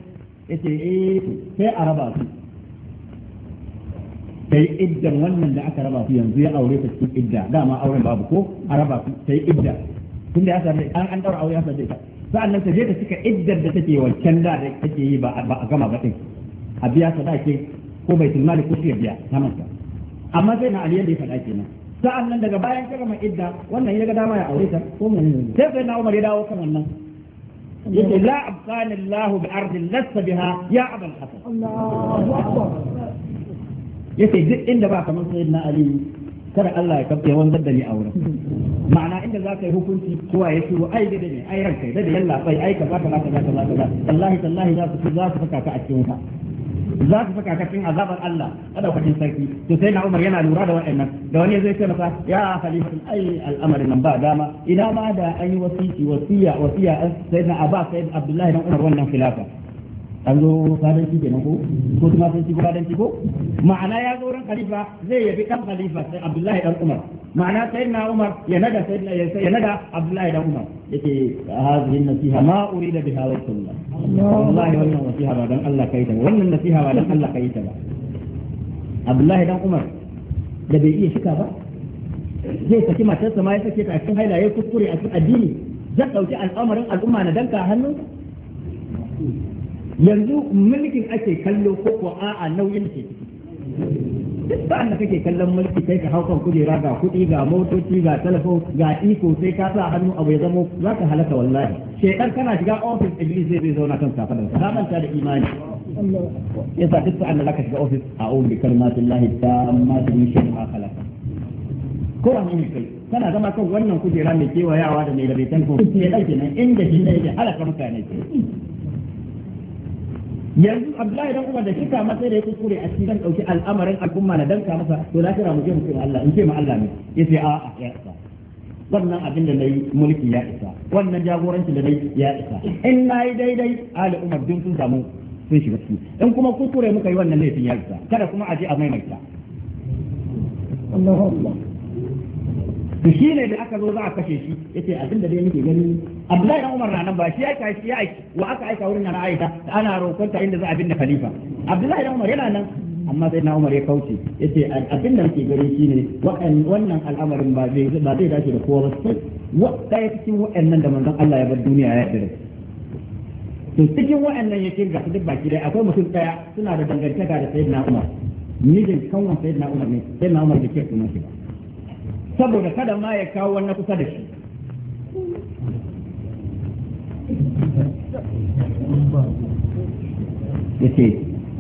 yace eh sai a raba su sai iddan wannan da aka raba su yanzu ya aure ta cikin idda dama auren babu ko a raba su sai idda tunda ya sami an an daura aure ya sami ta sa'an nan ta je ta cika iddar da take wancan da da take yi ba a gama ba din a biya ta dake ko bai tunna da kuɗi ya biya ta manta amma sai na aliyar da ya faɗa kenan sa'an nan daga bayan ka idda wannan ya ga dama ya aure ta ko mun sai sai na Umar ya dawo kan wannan yake bi ardin lasta biha ya abul hasan Allahu yake duk inda ba kamar na Ali kada Allah ya kafe wanzar da ni a wurin ma'ana inda za ka yi hukunci kowa ya shiru ai da ne ai ranka da yalla bai ai kaza kaza kaza kaza wallahi tallahi za su za su faka ka a cikin ka za su saka cikin azabar Allah madaukakin sarki to sai na Umar yana lura da wa'annan da wani zai ce masa ya khalifa ai al'amarin nan ba dama ina ma da an yi wasiki wasiya wasiya sai na Abba sai Abdullahi dan Umar wannan khilafa an zo kadanci kenan ko ko kuma sun ci kadanci ko ma'ana ya zo ran khalifa zai yabi kan khalifa sai abdullahi dan umar ma'ana sayyidina umar ya nada sayyidina ya nada abdullahi dan umar yake hadhihi nasiha ma urida biha wajhullah wallahi wannan nasiha ba dan Allah kai ta wannan nasiha ba dan Allah kai ta ba abdullahi dan umar da bai iya shika ba zai saki matarsa ma ya sake ta a cikin hailaye kuskure a cikin addini zai dauki al'amarin al'umma na danka hannu. yanzu mulkin ake kallo ko ko a'a nauyin ke duk sa'an da kake kallon mulki kai ka haukan kujera ga kuɗi ga motoci ga talafo ga iko sai ka sa hannu abu ya zamo za ka halaka wallahi shekar kana shiga ofis iblis zai zauna kan kafadar ka manta da imani yasa duk sa'an da zaka shiga ofis a umbi kalmatin lahi ta masu min shi ma halaka ko a mun kai kana zama kan wannan kujera mai kewayawa da mai rabe telefon sai ɗauke nan inda shi ne ya halaka mutane yanzu Abdullahi dan Umar da shi masa da ya kure a cikin dauki al'amarin al'umma na danka masa to lafiya mu je mu ce Allah in ce ma Allah ne yace a'a ya isa wannan abin da nayi mulki ya isa wannan jagoranci da nayi ya isa in nayi daidai ali Umar din sun samu sun shiga ciki in kuma kure muka yi wannan laifin ya isa kada kuma a je a maimaita Allahu Akbar shi ne da aka zo za a kashe shi yace abin da dai muke gani Abdullahi dan Umar nan ba shi ya aika shi ya aiki wa aka aika wurin nan Aisha ana roƙon ta inda za a binne khalifa Abdullahi dan Umar yana nan amma sai na Umar ya kauce yace abin da nake gari shine wannan al'amarin ba zai ba zai dace da kowa ba sai wa ɗaya cikin wa'annan da manzon Allah ya bar duniya ya yarda to cikin wa'annan yake ga duk baki dai akwai mutum daya suna da dangantaka da sayyidina Umar mijin kanwan sayyidina Umar ne sayyidina Umar da ke kuma shi saboda kada ma ya kawo wannan kusa da shi yace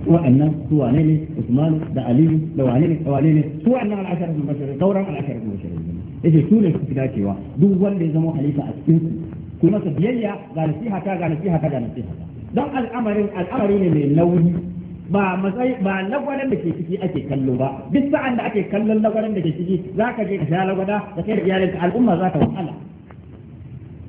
wa'annan su wane ne Usman da Aliyu da wane ne da wane ne su wa'annan al'ashara da bashir sauran al'ashara sun bashir yace su ne su fi dacewa duk wanda ya zama halifa a cikin su ku masa biyayya ga nasiha ta ga nasiha ta ga nasiha don al'amarin al'amari ne mai nauyi ba matsayi ba lagwaran da ke ciki ake kallo ba duk sa'an da ake kallon lagwaran da ke ciki za ka je ka sha lagwada da kai da iyalinka al'umma ta wahala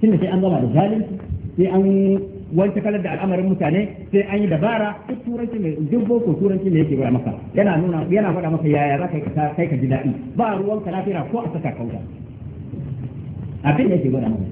tunda sai an gama da zalunci sai an wanke kalar da al'amarin mutane sai an yi dabara duk turanci mai duk boko turanci ne yake gwada maka yana nuna yana faɗa maka yaya za ka kai ka ji daɗi ba ruwan ka lafiya ko a saka kauda abin da yake gwada maka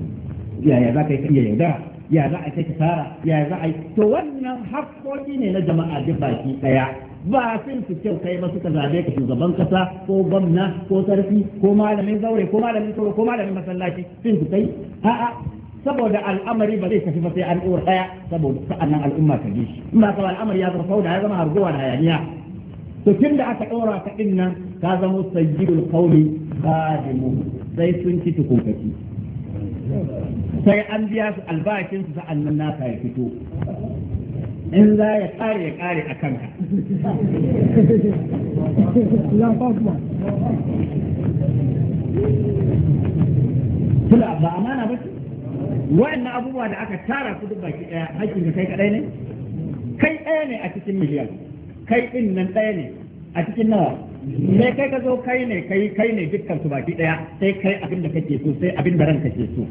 yaya za ka yi iya yaudara ya za a kai tsara ya za a yi to wannan hakkoki ne na jama'a duk baki ɗaya ba sun su kyau kai ba suka zabe ka shugaban kasa ko gwamna ko sarki ko malamin zaure ko malamin tsoro ko malamin masallaci sun su kai a'a saboda al'amari ba zai tafi ba sai an ɗora haya saboda sa'annan al'umma ta bi shi in ba ka al'amari ya zama da ya zama harguwa da hayaniya to tun da aka ɗora ta ɗin nan ka zama sayyidul qawli qadimu sai sun ci tukunkaci sai an biya su albashin su sa'annan naka ya fito in za ya kare ya kare a kanka Kula ba amana ba ce? wa'annan abubuwa da aka tara su duk baki ɗaya hakkin ka kai kadai ne kai ɗaya ne a cikin miliyan kai din nan ɗaya ne a cikin nawa Sai kai ka zo kai ne kai kai ne dukkan su baki ɗaya, sai kai abin da kake so sai abin da ranka ke so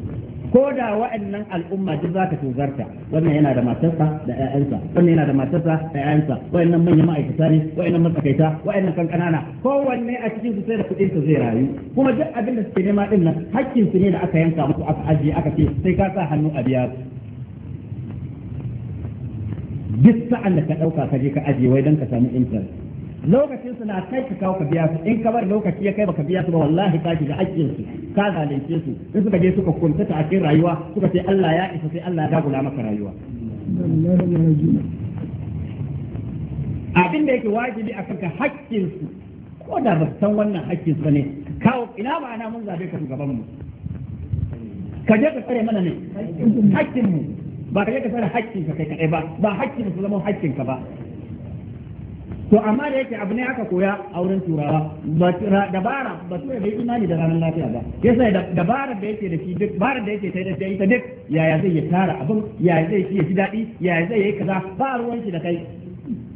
ko da wa'annan al'umma duk za ka tozarta wannan yana da matarsa da ƴaƴansa wannan yana da matarsa da ƴaƴansa wa'annan manyan ma'aikata ne wa'annan matsakaita wa'annan kankanana kowanne a cikin su sai da kuɗin su zai rayu kuma duk abin da suke nema din nan hakkin su ne da aka yanka musu aka ajiye aka ce sai ka sa hannu a biya su duk sa'an da ka ɗauka ka je ka ajiye wai don ka samu intanet. lokacin su na kai ka kawo ka biya su in ka bar lokaci ya kai baka biya su ba wallahi ka shiga hakkin su ka zalunce su in suka je suka kunta ta cikin rayuwa suka ce Allah ya isa sai Allah ya dagula maka rayuwa abin da yake wajibi a kanka hakkin su ko da ba san wannan hakkin su ne kawo ina ma'ana mun zabe ka gaban mu ka je ka tsare mana ne hakkin mu ba ka je ka tsare hakkin ka kai ka ba ba hakkin su zama hakkin ka ba to amma da yake abu ne aka koya a wurin turawa dabara ba tura bai imani da ranar lafiya ba yasa dabara da yake da shi duk bara da yake da shi ita duk yaya zai ya tara abin yaya zai shi ji daɗi yaya zai yi kaza ba ruwan shi da kai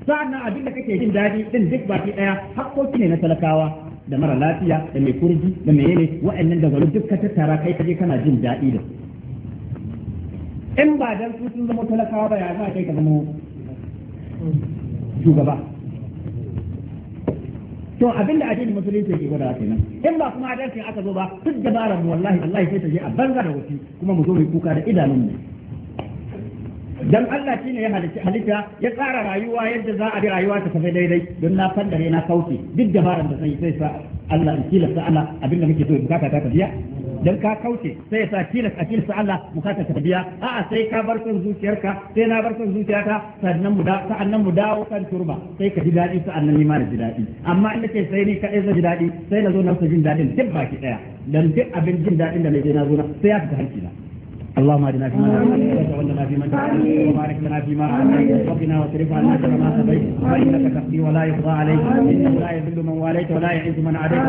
sa'annan abin da kake jin daɗi din duk baki ɗaya hakkoki ne na talakawa da mara lafiya da mai kurji da mai yene wa'annan da wani duk ka tattara kai kaje kana jin daɗi da in ba dan su sun zama talakawa ba ya za kai ka zama shugaba to abinda addinin musulunci ke gwada kenan in ba kuma adalci aka zo ba duk dabarar mu wallahi Allah sai ta je a banza da wuci kuma mu zo mu kuka da idanun mu dan Allah shi ne ya halitta ya tsara rayuwa yadda za a bi rayuwa ta tafi daidai don na fandare na kauce duk dabarar da sai sai Allah in sa Allah abinda muke so bukata ta biya dan ka kauce sai sa tilas kila sa Allah bukata ta biya a'a sai ka bar son zuciyarka sai na bar son zuciyarka sannan mu da sa'annan mu dawo kan turba sai ka ji dadi annan ni ma da ji dadi amma in ce sai ni kaɗai zan ji dadi sai na zo na jin dadin duk baki daya dan duk abin jin dadin da nake na zo na sai ya fita hankali اللهم اجعلنا في هديت وتولنا في توليت وبارك لنا فيما اعطيت وقنا واصرف عنا شر ما قضيت فانك تقضي ولا يقضى عليك ولا لا يذل من واليت ولا يعز من عليك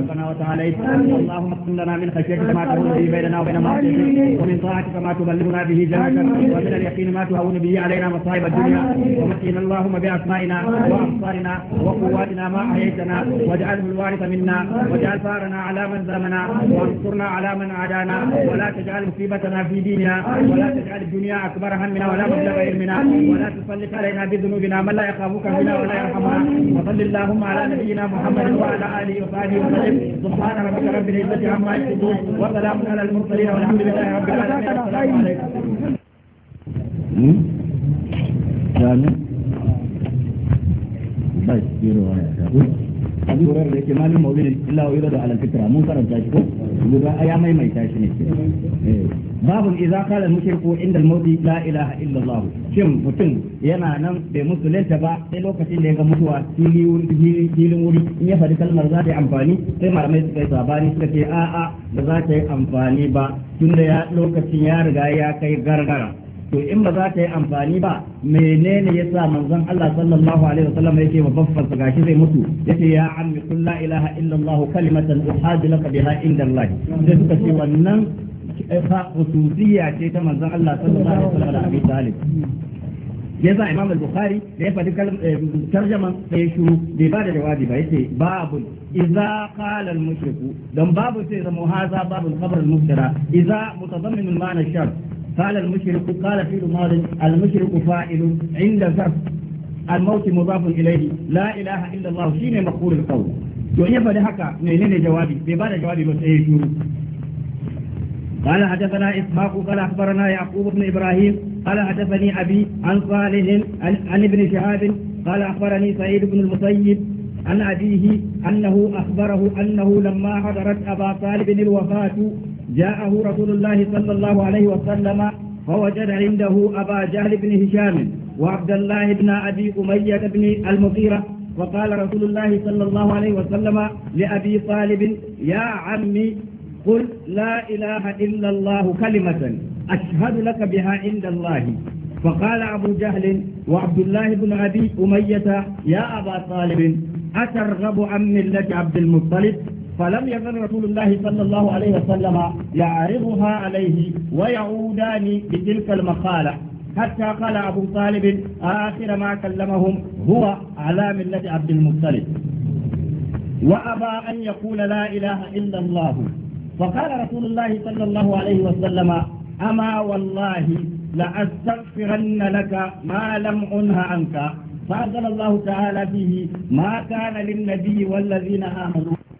ربنا وتعاليت اللهم اقسم لنا من خشيتك ما تهون به بيننا وبين معصيتك ومن طاعتك ما تبلغنا به جنتك ومن اليقين ما تهون به علينا مصائب الدنيا ومتعنا اللهم باسمائنا وابصارنا وقواتنا ما احييتنا واجعله الوارث منا واجعل ثارنا على من ظلمنا وانصرنا على من عادانا ولا تجعل مصيبتنا في ديننا ولا تجعل الدنيا أكبر همنا ولا مبلغ علمنا ولا تسلط علينا بذنوبنا من لا يخافك منا ولا يرحمنا وصل اللهم على نبينا محمد وعلى آله وصحبه وسلم سبحان ربك رب العزة عما يصفون وسلام على المرسلين والحمد لله رب العالمين السلام عليكم bai biro ya ta ku abu rar da yake malin mawlid illa wa guda ya maimaita shi ne eh. babu iza kala mushriku inda al mawti la ilaha illa Allah shin mutum yana nan bai musulunta ba sai lokacin da ya ga mutuwa filin wuri in ya faɗi kalmar za ta yi amfani sai malamai suka yi sabani suka ce a'a ba za ta yi amfani ba tunda ya lokacin ya riga ya kai gargara to in ba za ta yi amfani ba menene yasa manzon Allah sallallahu alaihi wasallam yake wa baffan sa gashi zai mutu yace ya ammi kun la ilaha illa Allah kalimatan uhadu laka biha inda Allah sai suka ce wannan eh, fa khususiyya ce ta manzon Allah sallallahu alaihi wasallam da Abi Talib yasa Imam al-Bukhari da ya faɗi eh, tarjama sai ya shuru bai ba da jawabi ba yace babu إذا قال المشرك دم باب سيد مهذا باب الخبر المبتدع إذا متضمن mana الشرط قال المشرك قال في الماضي المشرك فاعل عند ذرف الموت مضاف إليه لا إله إلا الله شين مقول القول وإن فدي هكا منين جوابي ببعض جوابي بس إيه شو قال حدثنا إسحاق قال أخبرنا يعقوب بن إبراهيم قال حدثني أبي عن صالح عن, عن ابن شهاب قال أخبرني سعيد بن المسيب عن أبيه أنه أخبره أنه لما حضرت أبا طالب الوفاة جاءه رسول الله صلى الله عليه وسلم فوجد عنده أبا جهل بن هشام وعبد الله بن أبي أمية بن المغيرة وقال رسول الله صلى الله عليه وسلم لأبي طالب يا عمي قل لا إله إلا الله كلمة أشهد لك بها عند الله فقال أبو جهل وعبد الله بن أبي أمية يا أبا طالب أترغب عن ملة عبد المطلب فلم يزل رسول الله صلى الله عليه وسلم يعرضها عليه ويعودان بتلك المقالة حتى قال أبو طالب آخر ما كلمهم هو على ملة عبد المطلب وأبى أن يقول لا إله إلا الله فقال رسول الله صلى الله عليه وسلم أما والله لأستغفرن لك ما لم أنه عنك فأنزل الله تعالى فيه ما كان للنبي والذين آمنوا